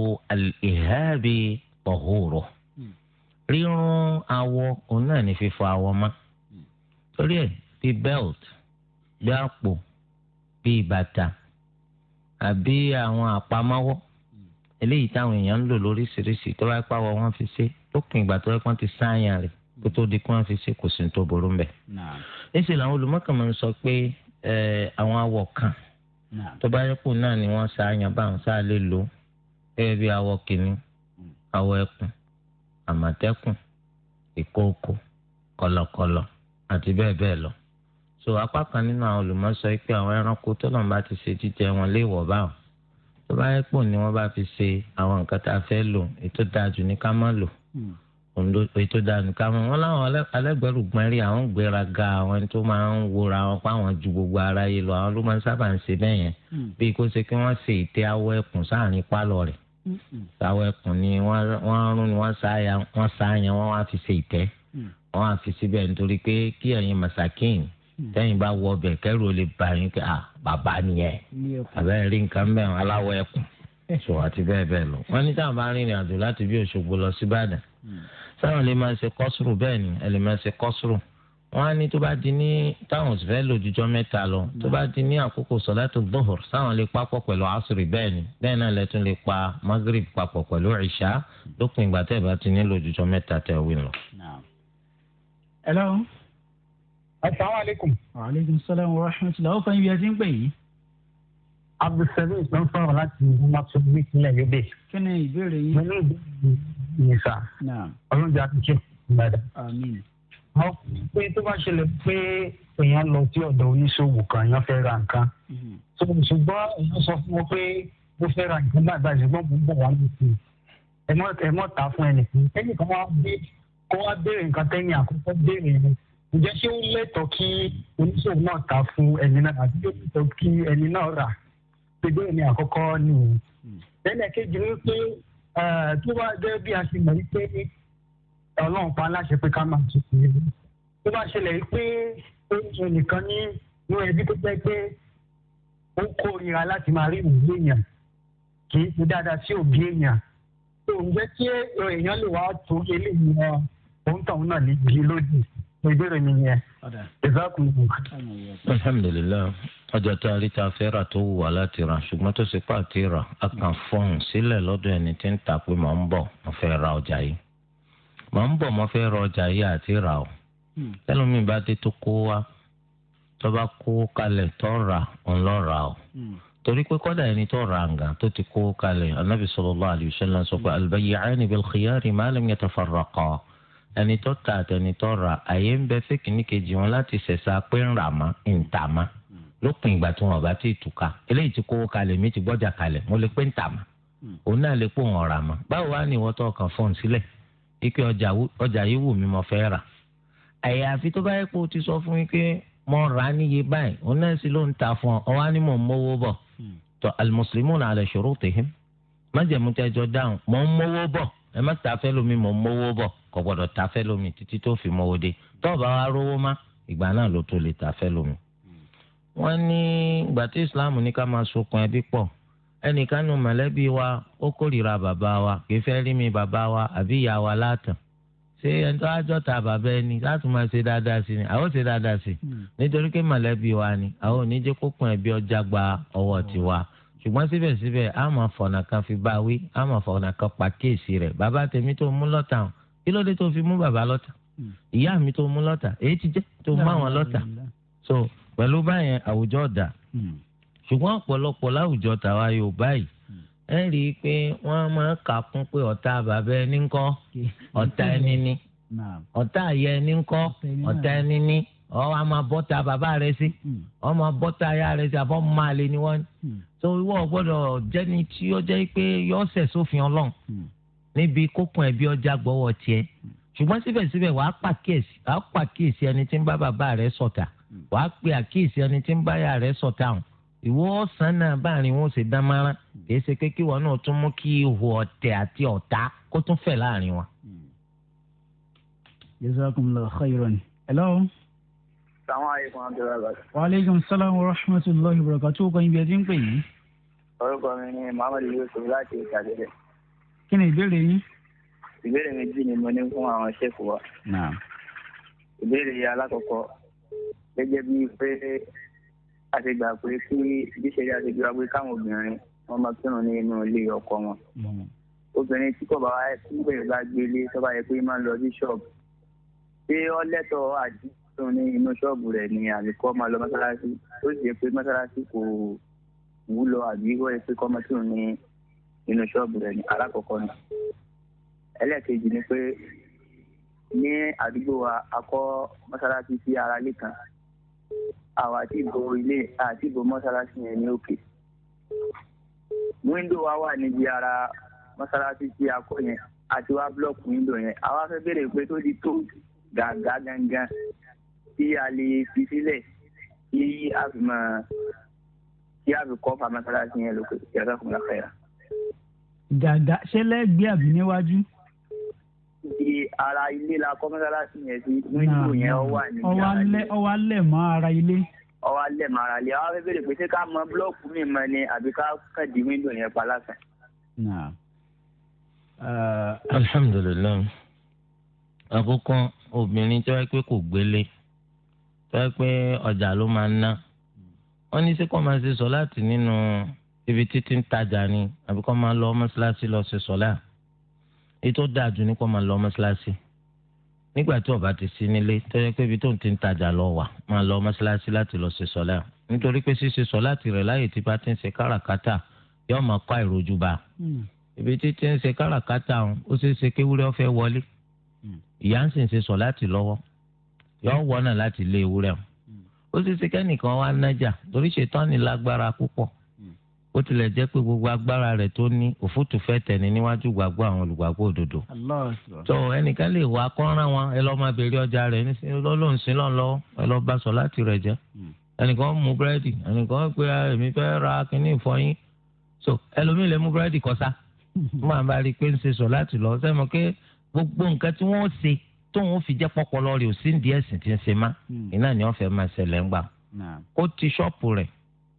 ìhábì ọ̀hóró rírun awọ òun náà ní fífọ awọ mọ́ hmm. torí ẹ̀ bí belt bí àpò bí bàtà àbí àwọn àpamọ́wọ́ hmm. eléyìí táwọn èèyàn ń lò lóríṣiríṣi tó bá pàwọ́ wọn fi ṣe lópin ìgbà tó wọ́n ti sáàyàn rẹ̀ hmm. kó tó di kí wọ́n fi ṣe kò sí ní tó burú mbẹ̀. níṣẹ́ làwọn olùmọ̀kàn máa sọ pé àwọn awọ kan tó bá náà ni wọ́n ṣàyàn báwọn ṣáà lè lò ó gẹ́gẹ́ bí awọ kìíní hmm. awọ ẹkùn àmọ̀tẹ́kùn ìkookò kọ̀lọ̀kọ̀lọ̀ àti bẹ́ẹ̀ bẹ́ẹ̀ lọ. so apá kan nínú àwọn olùmọ̀sọ pé àwọn ẹranko tó náà bá ti ṣe jíjẹ wọn léèwọ̀ báwọn tó bá yẹ pò bá fi ṣe àwọn nǹkan tá a fẹ́ lò ètò dáa jù ní ká má lò. Hmm èyí tó dáa kama mọ wọn láwọn alẹgbẹrùgbọn rí àwọn gbéra ga àwọn ẹni tó máa ń wòra àwọn pa àwọn ju gbogbo ara yìí lọ àwọn ló máa ń sábà ń ṣe bẹ́ẹ̀ yẹn hmm. bí kò ṣe kí wọ́n ṣe ìtẹ awọ ẹkùn sáàrin pálọ̀ rẹ̀ hmm, hmm. awọ ẹkùn ni wọ́n rún ni wọ́n sáàyà wọ́n sáàyà wọ́n wá fi ṣe ìtẹ́ wọ́n á fi síbẹ̀ nítorí pé kí ẹ̀yin masakin tẹ́yìn bá wọ ọbẹ̀ kẹ́rù lè bá yín pé à bàbá nìyẹn àbẹ́rẹ́ rí nǹkan mẹ́rin aláwọ̀ ẹkùn so àti bẹ́ẹ̀ bẹ́ẹ̀ lọ wọ́n ní táwọn lè máa ṣe kọ́sùrù bẹ́ẹ̀ ni ẹ lè máa ṣe kọ́sùrù wọn á ní tó bá di ní táwọn sì fẹ́ lò jújọ́ mẹ́ta lọ tó bá di ní àkókò sọ̀látù dhuhr táwọn lè papọ̀ pẹ̀lú asùrì bẹ́ẹ̀ ni bẹ́ẹ̀ náà lẹ́tún lè pa magrib papọ̀ pẹ̀lú ìṣá lópin ìgbà tẹ́ ẹ bá ti nílò jújọ́ mẹ́ta tẹ̀ wí lọ. hello. asalaamualeykum. ẹ ti ń pè yìí abdulsalim ló ń sọ̀rọ̀ láti mọ́tòbí sílẹ̀ lóde. kí ni ìbéèrè yín. mo ní ìbéèrè yín sá. ọlọ́run jẹ́ àtúnṣe ìgbàdà. mo pé tó bá ṣẹlẹ̀ pé èèyàn lọ sí ọ̀dọ̀ oníṣòwò kan èèyàn fẹ́ ra nǹkan. Mhm. ṣùgbọ́n èèyàn sọ fún wọn pé mo fẹ́ ra nǹkan bàbá ṣùgbọ́n mo ń bọ̀ wá lóṣù ẹ mọ̀ ta fún ẹnìkan ẹnìkan wá gbé kó wá béèrè nǹkan tẹ́yìn àkọ́kọ́ béèrè yẹn ǹjẹ́ ṣé ó lẹ́tọ̀ọ́ kí oníṣòwò náà ta fún ẹni náà àti ó lẹ́tọ̀ọ́ kí ẹni náà rà gbẹgbẹ mi àkọ́kọ́ ni hmm. lẹ́nà kejì ni pé tó bá jẹ́ bí a ṣe mọ̀ wípé ọlọ́run pa aláṣẹ pé ká máa tutù yìí tó bá ṣẹlẹ̀ wípé oúnjẹ nìkan ní inú ẹbí tó jẹ́ pé ó kórìíra láti máa rí ìwúrí èèyàn kì í ṣe dáadáa sí òbí èèyàn tó ń jẹ́ kí èèyàn lè wá tó eléyìí wọn òun tọ̀hún náà lè gbé lódì ìbéèrè mi yẹn. alhamdulilayi ọjà tá a rí ta fẹ́ rà tó wù wá láti rà ṣùgbọ́n tó ṣe pàtó rà á kàn fọ́ọ̀n sílẹ̀ lọ́dọ̀ ẹni tí ń ta pé màá ń bọ̀ mo fẹ́ ra ọjà yìí màá ń bọ̀ mo fẹ́ ra ọjà yìí àti rà o hmm. tẹ́lómi bá dé tó kó wa tó bá kó kalẹ̀ tó rà òun lọ́ rà o hmm. torí pé kọ́dà ẹni tó ra ǹgà tó ti kó kalẹ̀ anábì sallallahu alaihi wasallam sọ pé al-bayyi'ani bil-khiyari ma lam yatafarraqa ẹni tó ta àtẹni tó ra àyè ń bẹ fẹ́kìnní kejì wọn láti ṣẹ̀ṣà pé ń lópin ìgbà tí wọn bá ti túká eléyìí ti kówó kalẹ̀ mi ti gbọ́jà kalẹ̀ mo lè pé ń tà mà hmm. òun náà lè pò wọn rà mà báwo wá ní ike ọjà yìí wù mí mo fẹ́ rà àyàfi tó bá yẹ kó o ti sọ fún mi pé mo rà á níye báyìí òun náà sì ló ń ta fún ọ ọ wá bọ̀ hmm. tó al-muslimuna dáhùn mò ń mówó wọ́n ní ìgbà tí islam ní ká máa sokùn ẹbí pọ̀ ẹnìkan nu mọ̀lẹ́bí wa ó kórìíra bàbá wa kì í fẹ́ rí mi bàbá wa àbí ìyá wa látàn ṣé ẹni tó ájọ́ ta bàbá ẹni láti máa ṣe dáadáa sí ni àwọn ò ṣe dáadáa sí hmm. nítorí pé mọ̀lẹ́bí wa ni àwọn ò ní jẹ́ kókùn ẹbí ọjà gba ọwọ́ tiwa ṣùgbọ́n síbẹ̀síbẹ̀ a máa fọ̀nà kan fi bá wí a máa fọ̀nà kan pàkíyèsí rẹ̀ bàbá tèmi tó mú lọ́tàn kí ló dé tó fi mú bàbá lọ́tàn hmm. ìyá mi tó mú lọ́tà èyí ti jẹ́ tó mú àwọn lọ́tà so pẹ̀lú báyẹn àwùjọ dà hmm. ṣùgbọ́n ọ̀pọ̀lọpọ̀ láwùjọ tàwa Yorùbá yìí hmm. ẹ rí i pé wọ́n máa ń kà kún pé ọ̀tá bàbá ẹni ń kọ́ ọ̀tá ẹni ni ọ̀tá àyẹ ẹni ń kọ́ ọ̀tá ẹni ni ọ̀hún a máa bọ́ta bàbá rẹ sí hmm. ọ̀hún máa bọ́ta aya rẹ sí àbọ̀ máa lè ní wọ́n so ìwọ gbọ́dọ̀ jẹ́ni tí ó jẹ́ pé yọ ọ̀sẹ̀ sófin Ọlọ́run níbi kókun ẹ̀bí ọjà gbọ́wọ́ tiẹ̀ ṣùgbọ́n síbẹ̀síbẹ̀ wàá pàkíyèsí ẹni tí ń bá bàbá rẹ sọ̀tà. So wàá pe àkíyèsí ẹni tí ń báyà rẹ sọ̀tà hàn ìwọ ọ̀sán náà báàrin wọn ṣe dán mọ́ra kì í ṣe pé kí wọn náà tún mú kí ihò ọ̀tẹ̀ àti ọ̀tá kó tún fẹ̀ láàrin wọn. jazakumullahu khairan. hello. sàmú àyíkún abdullahi bàtà. waaleykum salaam wa rahmatulahi wa barakatuh kan ibi ẹtí ń pè yín. orúkọ mi ni muhammadu yusuf láti ìtàgẹ́dẹ̀. kí ni ìbéèrè yín. ìbéèrè méjì ni mo ní fún àwọn ṣẹ́fù wa. ìbéèrè alákọ̀ọ́kọ́ gẹ́gẹ́ bí pé a ti gbà pé kí ìdíṣẹ́lẹ̀ àti gbà pé káwọn obìnrin wọn máa kírun ní inú ilé ọkọ wọn. Mm. obìnrin tí kò bá wá nígbà yóò bá gbélé tó bá yẹ pé máa ń lọ sí ṣọ́ọ̀bù ṣé ó lẹ́tọ̀ọ́ àdúgbò ní inú ṣọ́ọ̀bù rẹ̀ ni àbíkọ́ máa lọ mọ́sálásí ó sì yẹ pé mọ́sálásí kò wúlò àbí ó yẹ pé kọ́ kírun ní inú ṣọ́ọ̀bù rẹ̀ ni alákọ̀ọ́kọ́ ni. ẹlẹ́ẹ̀kejì ni pé ní àdúgbò wa a kọ́ mọ́sálásí sí ara lé kan àwa àti ìbò ilé àti ìbò mọ́ṣáláṣí yẹn ní òkè wíńdò wa wà níbi ara mọ́ṣáláṣí tí a kọ́ yẹn àti wá búlọ̀kù wíńdò yẹn àwa fẹ́ bèrè pé tó di tó gàgà gangan tí a lè fi sílẹ̀ tí a fi mọ̀ tí a fi kọ́ fa mọ́ṣáláṣí yẹn lókè yàtọ̀ fún làkàyà. gàgà ṣẹlẹ̀ gbé àbí níwájú di ara ilé la kọ́ mọ́sálásí yẹn sí wíńdò yẹn ó wà ní ara ilé. ọwọ́ alẹ́ mọ́ ara ilé. ọwọ́ alẹ́ mọ́ ara ilé àwọn afẹ́ bèrè pé ṣé ká mọ búlọ́ọ̀kù mi mọ ni àbí ká kàn di wíńdò yẹn pa lásán. alhamdulilayi àkọ́kọ́ obìnrin tí wọ́n pẹ́ kò gbélé tí wọ́n pẹ́ ọjà ló máa ń ná wọ́n ní sí máa ṣe sọ láti nínú ibi títí ń tajà ni àbí máa lọ mọ́sálásí lọ ṣe sọ láà ètò dáa jù ní kó máa lọ mọ́ṣáláṣí nígbà tí ọba ti sí nílé tó yẹ pé ibi tó ń ti ń tajà lọ wà máa lọ mọ́ṣáláṣí láti lọ ṣe sọ́lá nítorí pé ṣíṣe sọ láti rẹ̀ láyè tí bá ti ń ṣe káràkátà yóò máa kọ́ àìrojú bá a hmm. ibi tí ti ń ṣe káràkátà ó ṣeé ṣe kéwúrẹ́ ọ̀fẹ́ wọlé hmm. ìyá ń sì ń ṣe sọ láti lọ́wọ́ yóò wọ́nà láti lé ewúrẹ́ hmm. ó ṣeé ṣe kẹ́nìkan wá nájà torí ṣètọ́ni ó tilẹ̀ jẹ́ pé gbogbo agbára rẹ̀ tó ní òfútu fẹ́ tẹ̀ni níwájú gbàgbọ́ àwọn olùgbàgbọ́ òdodo. tó ẹnìkan lè wá kọ́ńrán wọn ẹ lọ́ọ́ máa bèrè ọjà rẹ̀ lọ́lọ́run sí lọ́n lọ́wọ́ ẹ lọ́ọ́ bá sọ láti rẹ̀ jẹ́. Hmm. ẹnìkan mú búrẹ́dì ẹnìkan pé ah, èmi fẹ́ ra kínní ìfọyín. so ẹlòmíì lè mú búrẹ́dì kọ́sá. wọ́n máa bá rí i pé ń ṣe sọ láti lọ sẹ́mu pé gbogbo nǹkan tí wọ́n ṣe tóun fi jẹ́ pọ́pọ́ lọ́ọ̀rì ò sí ní díẹ̀ ti ń ṣe má. ìnáà hmm. ni wọ́n fẹ́ máa ṣẹlẹ̀ ń gbà. ó ti ṣọ́ọ̀pù rẹ̀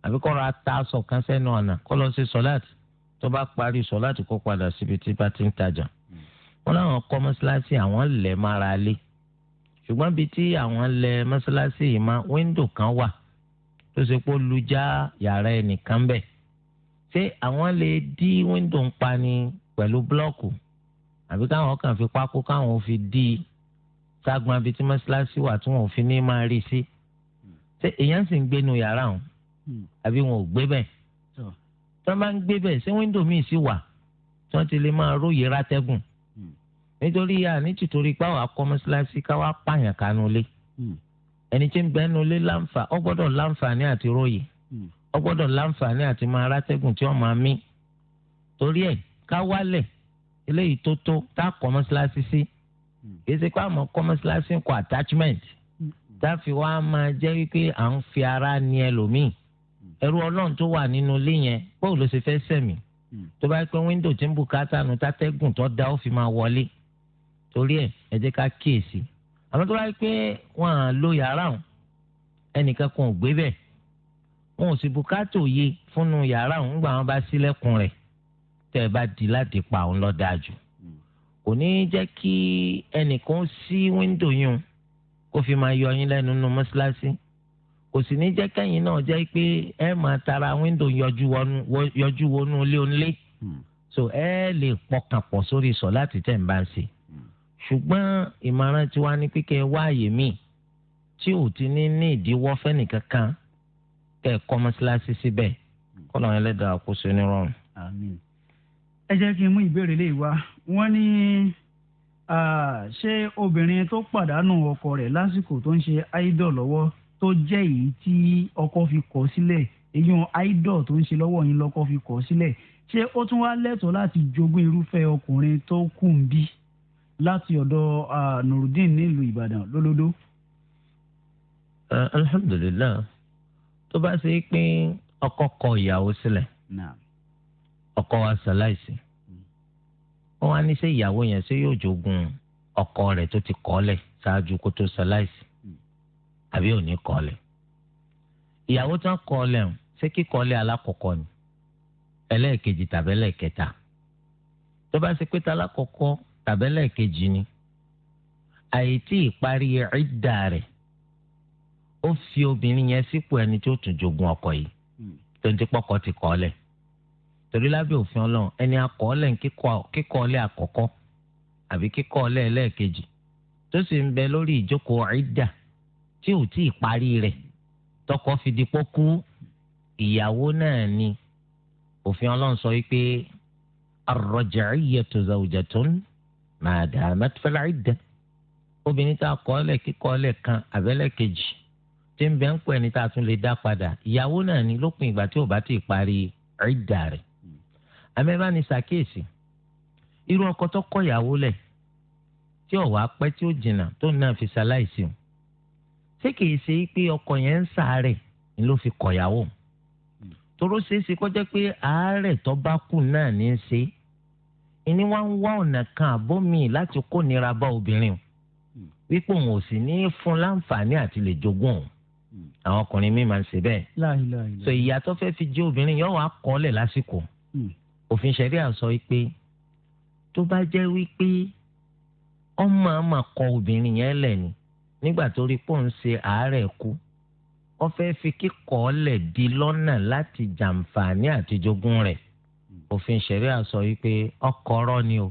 àbí kọ́ ra ta aṣọ kan sẹ́nu ọ̀nà kọ́ lọ sí sọ́láàtì tó bá parí sọ́láàtì kó padà síbi tí bá ti ń tajà. wọ́n láwọn kọ́ mọ́ṣáláṣí àwọn lẹ̀ mára lé ṣùgbọ́n bíi tí àwọn lẹ̀ mọ́ṣáláṣí yìí máa wíńdò kan wà tó ṣe pé ó lu já yàrá ẹnìkan bẹ̀. ṣé àwọn lè dí wíńdò ń pa ni pẹ̀lú blọ́ọ̀kù àbí káwọn kàn fi pákó káwọn fi dí i ságbọn bíi tí mọ́ṣáláṣí wà tí wọ́n fi ní máa rí sí. ṣé èèyàn sì ń gbénu yàrá ọ̀hún àbí wọn ò gbé bẹ́ẹ̀ tí wọ́n bá ń gbé bẹ́ẹ̀ ṣé wíńdò míì sì wà tí wọ́n ti lè máa róye rátẹ́gùn hmm. nítorí yà ní tìtorí páwọn akọ́mọ́síláṣí káwá pààyàn kanú lé hmm. ẹni tí ń bẹ nu lé láǹfà ọ gbọ́dọ̀ láǹfààní àti róye ọ hmm. gbọ́dọ̀ láǹfààní àti máa rátẹ́gùn tí wọ́n máa mí torí ẹ̀ ká wálẹ̀ eléyìí tó tó tá a kọ́ mọ́síláṣí sí kìí ṣe pé àmọ́ kọ́ mọ́síláṣí attachment tá a fi wá máa jẹ́ wípé à ń ẹrú ọlọ́run tó wà nínú ilé yẹn bóun ló ṣe fẹ́ sẹ̀mí hmm. tó bá yẹ pé wíńdò tí ń bùkátà nu tátẹ́gùn tó da ó fi máa wọlé torí ẹ̀ ẹ jẹ́ ká kíyèsí àmọ́ tó bá yẹ pé wọ́n á lo yàrá òun ẹnìkan kan ò gbé bẹ̀ wọn ò sì bùkátà òye fúnnu yàrá òun gbà wọn bá sílẹ̀kùn rẹ̀ tẹ́ ẹ bá di láti pa òun lọ dáa jù hmm. kò ní jẹ́ kí ẹnìkan ṣí wíńdò yìí kó fi máa yọ yín lẹ́nu nínú mọ́ṣáláṣí kò sì ní jẹ́ kẹ́yìn náà jẹ́ pé ẹ máa tara wíńdò yọjú wọnú ilé onílé hmm. so ẹ lè pọkàn pọ̀ sórí sọ láti tẹ̀ ń bá ń ṣe hmm. ṣùgbọ́n ìmọ̀ràn tiwa ni pé kẹ́ ẹ wá àyè míì tí ò ti ní ní ìdíwọ́ fẹ́nìkan kan kẹ́ ẹ kọ́ mọ́ṣáláṣí síbẹ̀ hmm. kọ́lọ́ ẹlẹ́dàá àkóso nírọ̀rùn. àmín ẹ jẹ́ kí n mú ìbéèrè lè wá wọ́n ní ṣé obìnrin tó pàdánù ọkọ rẹ̀ lásìkò tó ń ṣe áídọ̀ lọ́wọ́ tó jẹ́ èyí tí ọkọ fi kọ̀ sílẹ̀ èyàn idol tó ń ṣe lọ́wọ́ yín lọ́kọ fi kọ̀ sílẹ̀ ṣé ó tún wá lẹ́tọ̀ọ́ láti jogún irúfẹ́ ọkùnrin tó kù ń bí láti ọ̀dọ̀ nurudeen nílùú ìbàdàn lólódó. alhamdulilayi tó bá ṣe é pé ọkọ kọ ìyàwó sílẹ̀ ọkọ wa ṣaláìsí wọn wá ní ṣe ìyàwó yẹn ṣé yóò jogún ọkọ rẹ̀ tó ti kọ̀ ọ́ lẹ̀ ṣáájú kó tó ṣaláìsí àbí ò ní kọ́lẹ̀ ìyàwó tán kọ́lẹ̀ ń ṣé kíkọ́lẹ̀ alákọ̀ọ́kọ́ ni ẹlẹ́ẹ̀kejì tàbí ẹlẹ́ẹ̀kẹta tó bá ṣe pé talákọ̀ọ́kọ́ tàbí ẹlẹ́ẹ̀kejì ni àìtí ìparí ìdá rẹ̀ ó fi obìnrin yẹn sípò ẹni tó tún jogun ọkọ yìí hmm. tó ń ti pọ́kọ ti kọ́lẹ̀ torí lábẹ́ òfin ọlọ́run ẹni akọ́ọ́lẹ̀ ń àkọ́kọ́ àbí kíkọ́ọ́lẹ̀ ẹlẹ́ẹ̀kejì tó sì ń bẹ lórí ìjókòó ìdá tí ò tí ì parí rẹ̀ tọkọ fi di pọ́kú ìyàwó náà ni òfin ọlọ́run sọ wípé ar-raj'iyyatu zawjatun ma damat fil 'iddah obìnrin tá a kọ́ ọ́lẹ̀ kíkọ́ ọ́lẹ̀ kan àbẹ́lẹ̀ kejì tí ń bẹ́ ń pẹ́ ni tá a tún lè dá padà ìyàwó náà ni lópin ìgbà tí ò bá ti parí ìdà rẹ̀ amẹ́bá ni ṣàkíyèsí irú ọkọ tó kọ ìyàwó lẹ̀ tí ó pẹ́ tí ó jìnnà tó náà fi ṣaláìsí o ṣé kìí ṣe pé ọkọ yẹn ń ṣàárẹ̀ ni ló fi kọ̀yàwó toró ṣeé ṣe kọjá pé àárẹ̀ tó bá kù náà ní í ṣe ìní wá ń wá ọ̀nà kan àbómi láti kó nira bá obìnrin o wípé òun ò sì ní í fún láǹfààní àti lè jogún o àwọn ọkùnrin mi máa ń ṣe bẹ́ẹ̀ so ìyàtọ̀ fẹ́ fi jẹ́ obìnrin yóò wá kọ́lẹ̀ lásìkò hmm. òfin ṣẹ̀ríà sọ pé tó bá jẹ́ wípé ọmọ àmà kọ obìnrin yẹn lẹ̀ nígbà tó rí pò ń ṣe àárẹ̀ kú ó fẹ́ fi kíkọ́ ọ̀lẹ̀ di lọ́nà láti jàǹfààní àtijogún rẹ̀ òfin ṣẹ̀ríà sọ wípé ọkọ̀ọ̀rọ̀ ni o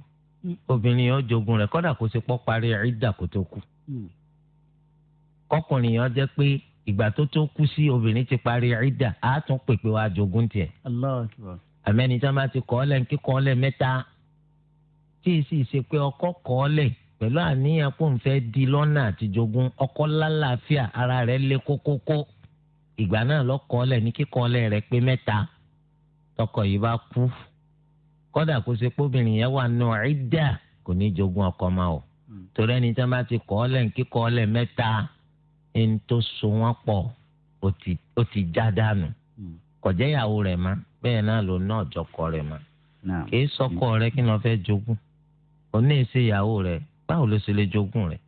obìnrin yóò jogún rẹ̀ kọ́dà kó ṣe pọ́ parí ìdà kó tó kú kọkùnrin yẹn jẹ́ pé ìgbà tó tó kú sí obìnrin ti parí ìdà á tún pèpè wá jogún tiẹ̀ àmẹ́ni tí wọ́n bá ti kọ́ ọ̀lẹ̀ kíkọ́ ọ̀lẹ̀ mẹ́ta tí ì sì ṣe pé ọkọ kọ́ ọ̀lẹ̀ pẹ̀lú àníyàn kó n fẹ́ di lọ́nà àtijọ́gún ọkọ lálàáfíà ara rẹ̀ lé kókókó ìgbà náà lọ́kọ́ọ́lẹ̀ ní kíkọ́ọ́lẹ̀ rẹ̀ pé mẹ́ta tọkọ yìí bá kú kódà kó ṣe póbìnrin yẹn wà nù ìdá kò ní jogún ọkọ ma o hmm. torí ẹni tí wọ́n bá ti kọ́ọ́lẹ̀ ní kíkọ́ọ́lẹ̀ mẹ́ta ẹni tó so wọ́n pọ̀ ó ti já dànù hmm. kọ̀jẹ́yàwó rẹ̀ ma bẹ́ẹ̀ náà ló ná ọ̀jọ̀kọ rẹ̀ ma kì í sọkọ rẹ̀ kí ni wọ́n fẹ́ jogún òun ní ìṣèyàwó rẹ̀ báwo ló ṣe lè jogún rẹ̀.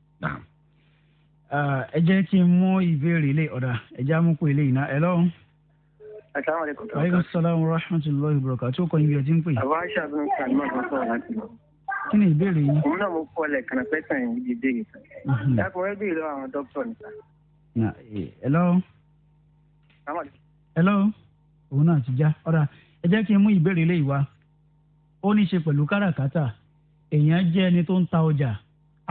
ẹ jẹ́ kí n mú ìbéèrè ilé ọ̀dà ẹ já mú pé ilé ìná ẹ lọ́hùn. asalaamualeykum. aleykum salaam wa rahmatulahi wa barakatuh tó kọ́ ibi ẹ ti ń pè. àbá aṣáájú ń sàlùmọ́ àgbọ̀nsọ̀ láti lọ kí ni ìbéèrè yín. òun náà mo kọ ọlẹ kan pẹ sàn yín ìbéèrè sàn. Mhm. dákun bí ìlọ àwọn dókítà nìkan. E, hello. hello. já ọ̀rà ẹ jẹ́ kí n mú ìbéèrè lé ìwà ó ní í ṣe pẹ̀lú káràkátà èèyàn jẹ́ ẹni tó ń ta ọjà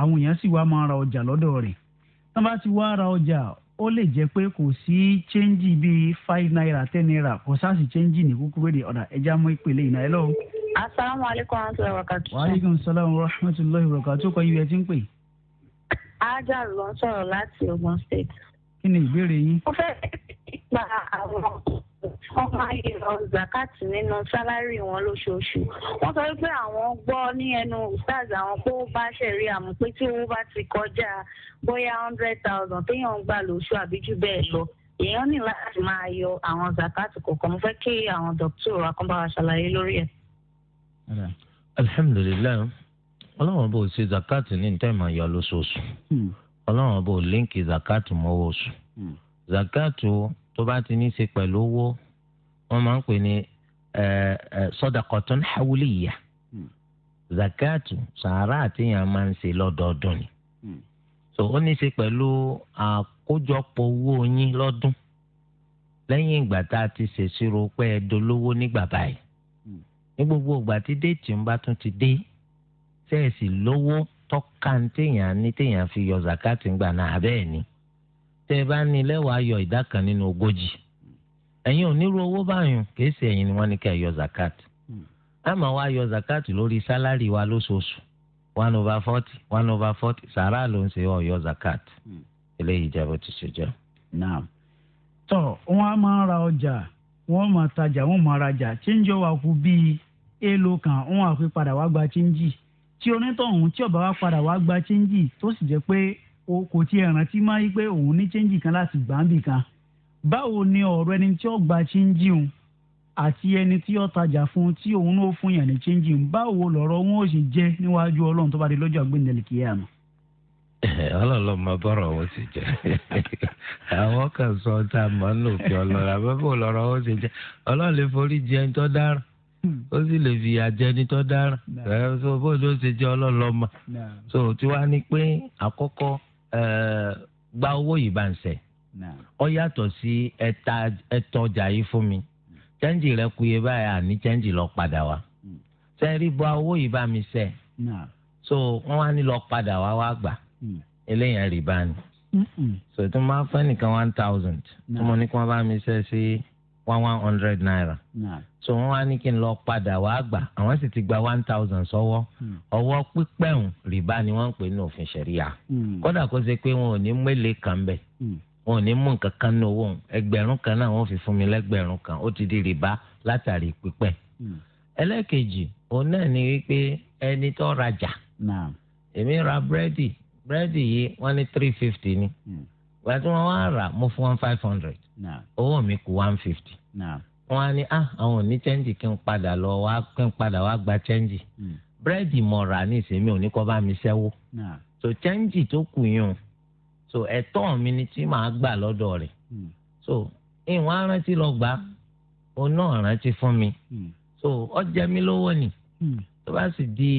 àwọn èèyàn sì wá máa ra ọjà lọ́dọ̀ rẹ̀ tí wọ́n bá ti wá ra ọjà ó lè jẹ́ pé kò sí chẹ́ńjì bíi five naira ten naira kò sáàsì chẹ́ńjì ní kúkúrú èdè ọ̀dà ẹja mú ìpele ìnà ẹ lọ́wọ́. asalaamualeykum wa rahmatulahi wa barakatu. wa rahmatulahi wa ń pè. ló ń sọ̀rọ̀ láti state. kí ni ìbéèrè yín. mo fẹ́ gba àwọn wọ́n máa ń yọ zakati nínú sálárì wọn lóṣooṣù. wọ́n sọ wípé àwọn gbọ́ ní ẹnu ustaz àwọn pé ó bá ṣẹ̀rí àmú pé tí owó bá ti kọjá bóyá hundred thousand téèyàn ń gbà lóṣù àbí jù bẹ́ẹ̀ lọ èèyàn ní láti máa yọ àwọn zakati kọ̀ọ̀kan mo fẹ́ kí àwọn dókítà akọ́nbáwa ṣàlàyé lórí ẹ̀. alhamdulilayi ọlọ́run bò ṣe zakati ní ntẹ́ máa yọ lóṣooṣù hmm. ọlọ́run bò tó bá ti ní í pẹ̀lú owó wọ́n máa ń pè ní sọ́dàkọ̀tún hawliya hmm. zakatu sàárà àtìyàn máa ń se lọ́dọọdún ni hmm. so ó ní í pẹ̀lú àkójọpọ̀ owó yín lọ́dún lẹ́yìn ìgbà tá a ti ṣèṣirò pé ẹ dolówó nígbà báyìí hmm. ní gbogbo ìgbà tí déètì ń bá tún ti dé lówó tọ́ka téèyàn ní téèyàn fi yọ náà tẹ́ ẹ bá ní lẹ́wàá yọ ìdá kan nínú ogójì ẹ̀yin onírú owó báyìí kìí ṣe ni wọ́n ní ká yọ zakat àmọ́ wa yọ zakat lórí sálárì wa lóṣooṣù one over forty one over forty sàrà ló ń ṣe ọ̀yọ́ zakat eléyìí jẹ́ bó ti ṣe jẹ́. tọ́ wọ́n á máa ra ọjà wọ́n máa tajà wọ́n máa rajà chíńjọ́ wa kú bíi èèlò kan wọ́n á fi padà wá gba chíńjì tí onítọ̀hún tí ó bá padà wá gba chíńjì tó sì jẹ́ pé o kò tiẹ̀ rántí máa yí pé òun ní chẹ́ńjì kan láti gbàǹbì kan báwo ni ọ̀rọ̀ ẹni tí ó gba chẹ́ńjì àti ẹni tí ó tajà fún tí òun náà fún yàn ní chẹ́ńjì òun báwo lọ̀rọ̀ wọn ò sì jẹ́ níwájú ọlọ́run tó bá lọ́jọ́ wọn sì jẹ́ àwọn kan sọ tá a máa ń lò wọn sì jẹ́ ọlọ́run ó sì lè gba owó yìí bá ń sẹ̀ ọ yàtọ̀ sí ẹtọjà yìí fún mi chẹ́ǹjì rẹ kú yé báyìí àní chẹ́ǹjì lọ padà wá sẹ́ẹ̀rí hmm. bọ́ owó yìí bá mi sẹ̀ so wọ́n wá ní lọ padà wá wá gbà hmm. eléyàn rìbá ni hmm, so tó máa fẹ́ nìkan one thousand tó mọ ní kí wọ́n bá mi sẹ́ sí. Si, one one hundred naira. so wọ́n wá ní kí n lọ padà wàá gbà àwọn sì ti gba one thousand sọ́wọ́ hmm. ọwọ́ pípẹ́hùn rìbá ni wọ́n ń pè ní òfin ṣẹ̀ríya hmm. kódà kó ṣe pé wọn ò ní mélé kan bẹ̀ hmm. wọn ò ní mú nǹkan kan ní owó ẹgbẹ̀rún kan náà wọ́n fi fún mi lẹ́gbẹ̀rún kan ó ti di rìbá látàrí pípẹ́. ẹlẹ́kejì òun náà ni wípé ẹni tó rajà èmi ra búrẹ́dì búrẹ́dì yìí wọ́n ní three fifty ni. Mm ìgbà tí wọ́n wá rà mo fún one five hundred owó mi kù one fifty wọ́n á ní ah àwọn òní chẹ́ǹjì kí n padà lọ wá kí n padà wá gba chẹ́ǹjì hmm. búrẹ́dì mo rà ní ìsinmi òní kọ́ bá mi ṣẹ́wó so chẹ́ǹjì tó kù yàn so ẹ̀tọ́ mi ni tí màá gbà lọ́dọ̀ rẹ̀ hmm. so ìwọ̀n arántí lọ gbà òun náà rántí fún mi hmm. so ó jẹ mí lówó ni tó bá sì di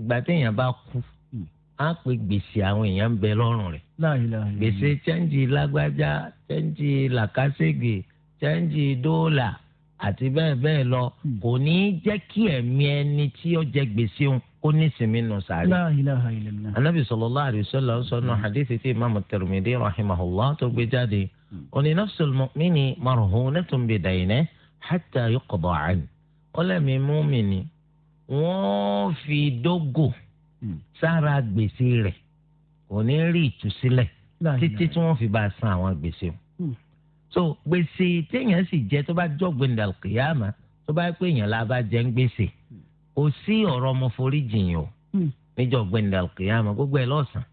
ìgbà téèyàn bá kú á pe gbèsè àwọn èèyàn ń bẹ lọ́rùn rẹ̀ gbèsè chẹ́ǹjì lágbájá chẹ́ǹjì làkàṣègè chẹ́ǹjì dọ́là àti bẹ́ẹ̀ bẹ́ẹ̀ lọ hmm. kò ní í jẹ́ kí ẹ̀mí ẹni tí ó jẹ gbèsè òun kó ní ìsinmi nù sáré. La ilaha illallah. anabi sallallahu alaihi wasallam sọnù hadithi tí imaamu Tirmidhi rahimahullah tó gbé jáde oní hmm. nafsul mu'mini marhunatun bidaynihi hatta yuqda anhu. ọlẹ́mi mú mi ni wọ́n fi dógò. Hmm. sára gbèsè rẹ̀ kò ní rí ìtúsílẹ̀ títí tí wọ́n fi bá san àwọn gbèsè o. Hmm. so gbèsè téèyàn sì jẹ tó bá jọ gbẹndàkìyàmà tó bá pé èèyàn la bá jẹ ń gbèsè kò sí ọ̀rọ̀ ọmọ forí jìyàn o hmm. níjọ gbẹndàkìyàmà gbogbo ẹ̀ lọ́sàn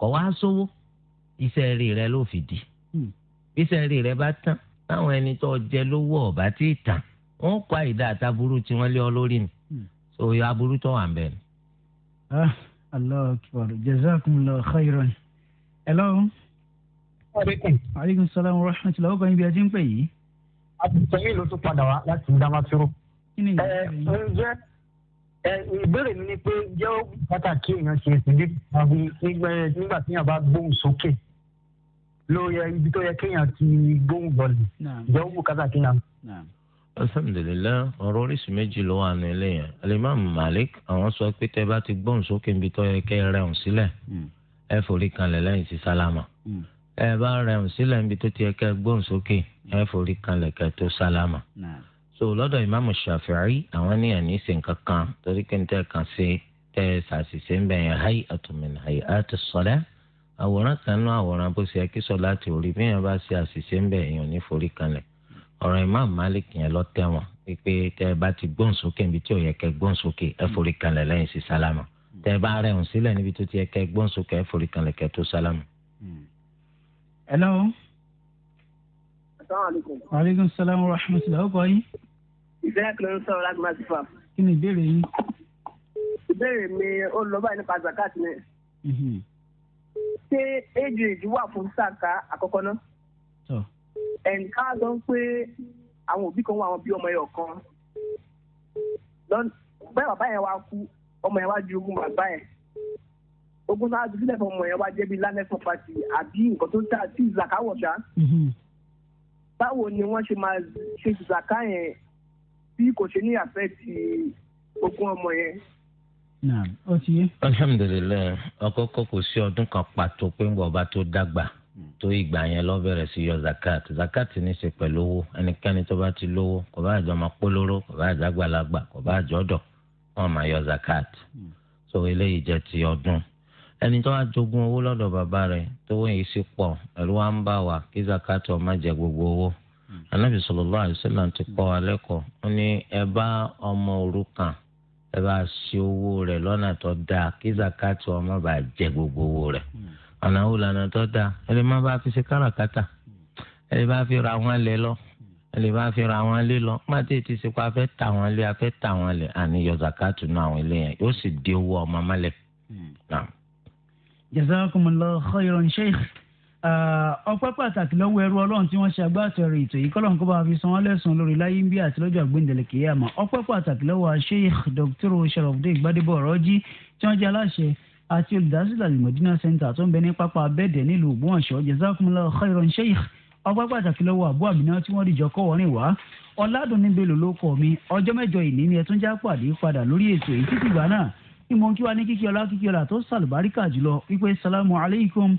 kọ̀ wá sówó iṣẹ́ rí rẹ ló fi di iṣẹ́ rí rẹ bá tán táwọn ẹni tó jẹ lówó ọ̀bá tí ì tàn wọ́n kọ́ àìdá àtàbúrú tí wọ́n lé ọ lórí ni so aburú tó wà ń bẹ̀ ni. Ah, Allahu akbar jazakumullahu khairan. hello. aleykum salaam wa rahmatulah ọkọ ibi ajé ń pè yìí. àtúntò yìí ló tún padà wá láti Damaturu. kí ni ìbéèrè eh, yìí. Eh, ìbéèrè mi ni pé jẹ́ ó pàtàkì èèyàn ṣe ìpínlẹ̀ àbí nígbà tí èèyàn bá gbóhùn sókè ló yẹ ibi tó yẹ kéèyàn ti gbóhùn bọ̀lì jẹ́ ó bùkátà kéèyàn alhamdulilayi ọ̀rọ̀ oríṣi méjì ló wà ní yẹn alimami malik àwọn sọ pé tẹ́ bá ti gbóhùn sókè níbi tó yẹ kẹ́ rẹ̀hùn sílẹ̀ hmm. ẹ forí kanlẹ̀ lẹ́yìn sí sálámà hmm. ẹ bá rẹ̀hùn sílẹ̀ níbi tó ti yẹ kẹ́ gbóhùn sókè ẹ forí kanlẹ̀ kẹ́ tó sálámà. so lọ́dọ̀ imaamu shafi'i àwọn ní ẹ̀ní ṣe nǹkan kan torí pé níta kan ṣe tẹ́ ẹ ṣàṣìṣe ń bẹ̀ yẹn hayi atumin hayi ati sọ́lẹ̀ àwòrán kan náà àwòrán bó ṣe kí sọ láti orí bí yẹn bá ṣe àṣìṣe ń bẹ̀ yẹn ò ní forí kanlẹ̀ ọ̀rọ̀ imam malik yẹn lọ tẹ̀wọ̀n pé tẹ́ ẹ bá ti gbóhùn sókè níbi tí ò yẹ kẹ́ gbóhùn sókè ẹ forí kanlẹ̀ lẹ́yìn sí sálámà hmm. tẹ́ ẹ bá rẹ̀hùn sílẹ̀ níbi tó ti yẹ kẹ́ gbóhùn sókè ẹ forí kanlẹ̀ kẹ́ tó sálámà. Hmm. hello. asalaamualeykum. maaleykum salaam wa rahmatulah ọkọ yín. ìfẹ́ kìlọ̀ ń sọ̀rọ̀ láti máa ti fà. kí ni ìbéèrè yín. ìbéèrè mi ó lọ báyìí nípa zakat mi. Mhm. ṣé éjì wà fún sàkà àkọ́kọ́ náà ẹnìká lọ ń pé àwọn òbí kan wà àwọn bí ọmọ ẹyọ kan bẹ́ẹ̀ bàbá yẹn wá kú ọmọ yẹn wá ju ogún bàbá yẹn ogún sáà ti sílẹ̀ fún ọmọ yẹn wá jẹ́ bí lánàá fún àbí nǹkan tó tà sí ìzàkáwọ̀dá mm-hmm. báwo ni wọ́n ṣe máa ṣe ìzàká yẹn bí kò ṣe ní àfẹ́ ti ogún ọmọ yẹn. naam ó ti yé. alhamdulilayi ọkọ kò sí ọdún kan pàtó pé ń bọ̀ ọba tó dàgbà tó ìgbà yẹn lọ bẹ̀rẹ̀ sí yọ zakat zakat ní í ṣe pẹ̀lú owó ẹnikẹ́ni tó bá ti lówó kò bá àjọ máa polówó kò bá àjọ àgbàlagbà kò bá àjọ ọ̀dọ̀ wọn máa yọ zakat hmm. so eléyìí jẹ́ ti ọdún ẹni tó wá jogún owó lọ́dọ̀ bàbá rẹ̀ tó wọ́n yìí sì pọ̀ ẹ̀rú wa ń bà wá kí zakat ó jẹ gbogbo owó anabi hmm. sallallahu alaihi ti kọ́ wa lẹ́kọ̀ọ́ ó ní ẹ bá ọmọ òrukàn ẹ bá ṣe owó rẹ̀ lọ́nà tó dáa kí zakat ó bàá jẹ gbogbo owó rẹ̀. Mm ọ̀nà wo lànà tó dáa ẹ lè má bá fi ṣe káràkátà ẹ lè bá fi ra wọn lẹ lọ ẹ lè bá fi ra wọn lé lọ má tèè ti ṣe pé a fẹ́ tà wọn lé a fẹ́ tà wọn lẹ àníyọ zakatu náà àwọn ilé yẹn yóò sì di owó ọmọ mọ́lẹ̀. jazakumullahu khairan sheikh ọpẹ́ pàtàkì lọ́wọ́ ẹrú ọlọ́run tí wọ́n ṣe agbátẹrù ètò yìí kọ́lọ́n kó bá fi san wọ́n lẹ́sùn lórí láyé ń bí àti lọ́jọ́ àgbéǹdẹ̀lẹ̀ kìí àmọ́ ọpẹ́ pàtàkì lọ́wọ́ sheikh dr sharafdin gbadebo ọ̀rọ̀jì tí wọ́n àti olùdásílẹ̀ alimọ̀dínà center tó ń bẹ ní pápá abẹ́ẹ̀dẹ̀ nílùú ògbómọ̀ṣọ́ jazakumullahu khairan sheikh ọgbẹ́ pàtàkì lọ́wọ́ àbú àbíná tí wọ́n dìjọ kọ́ wọ́rin wá ọ̀làdùnní belò ló kọ́ mi ọjọ́ mẹ́jọ ìní ni ẹ̀tún já pàdé padà lórí ètò èyí títí ìgbà náà ìmọ̀ kí wa ní kíkí ọlá kíkí ọlá tó sàlùbáríkà jùlọ wípé salamu alaykum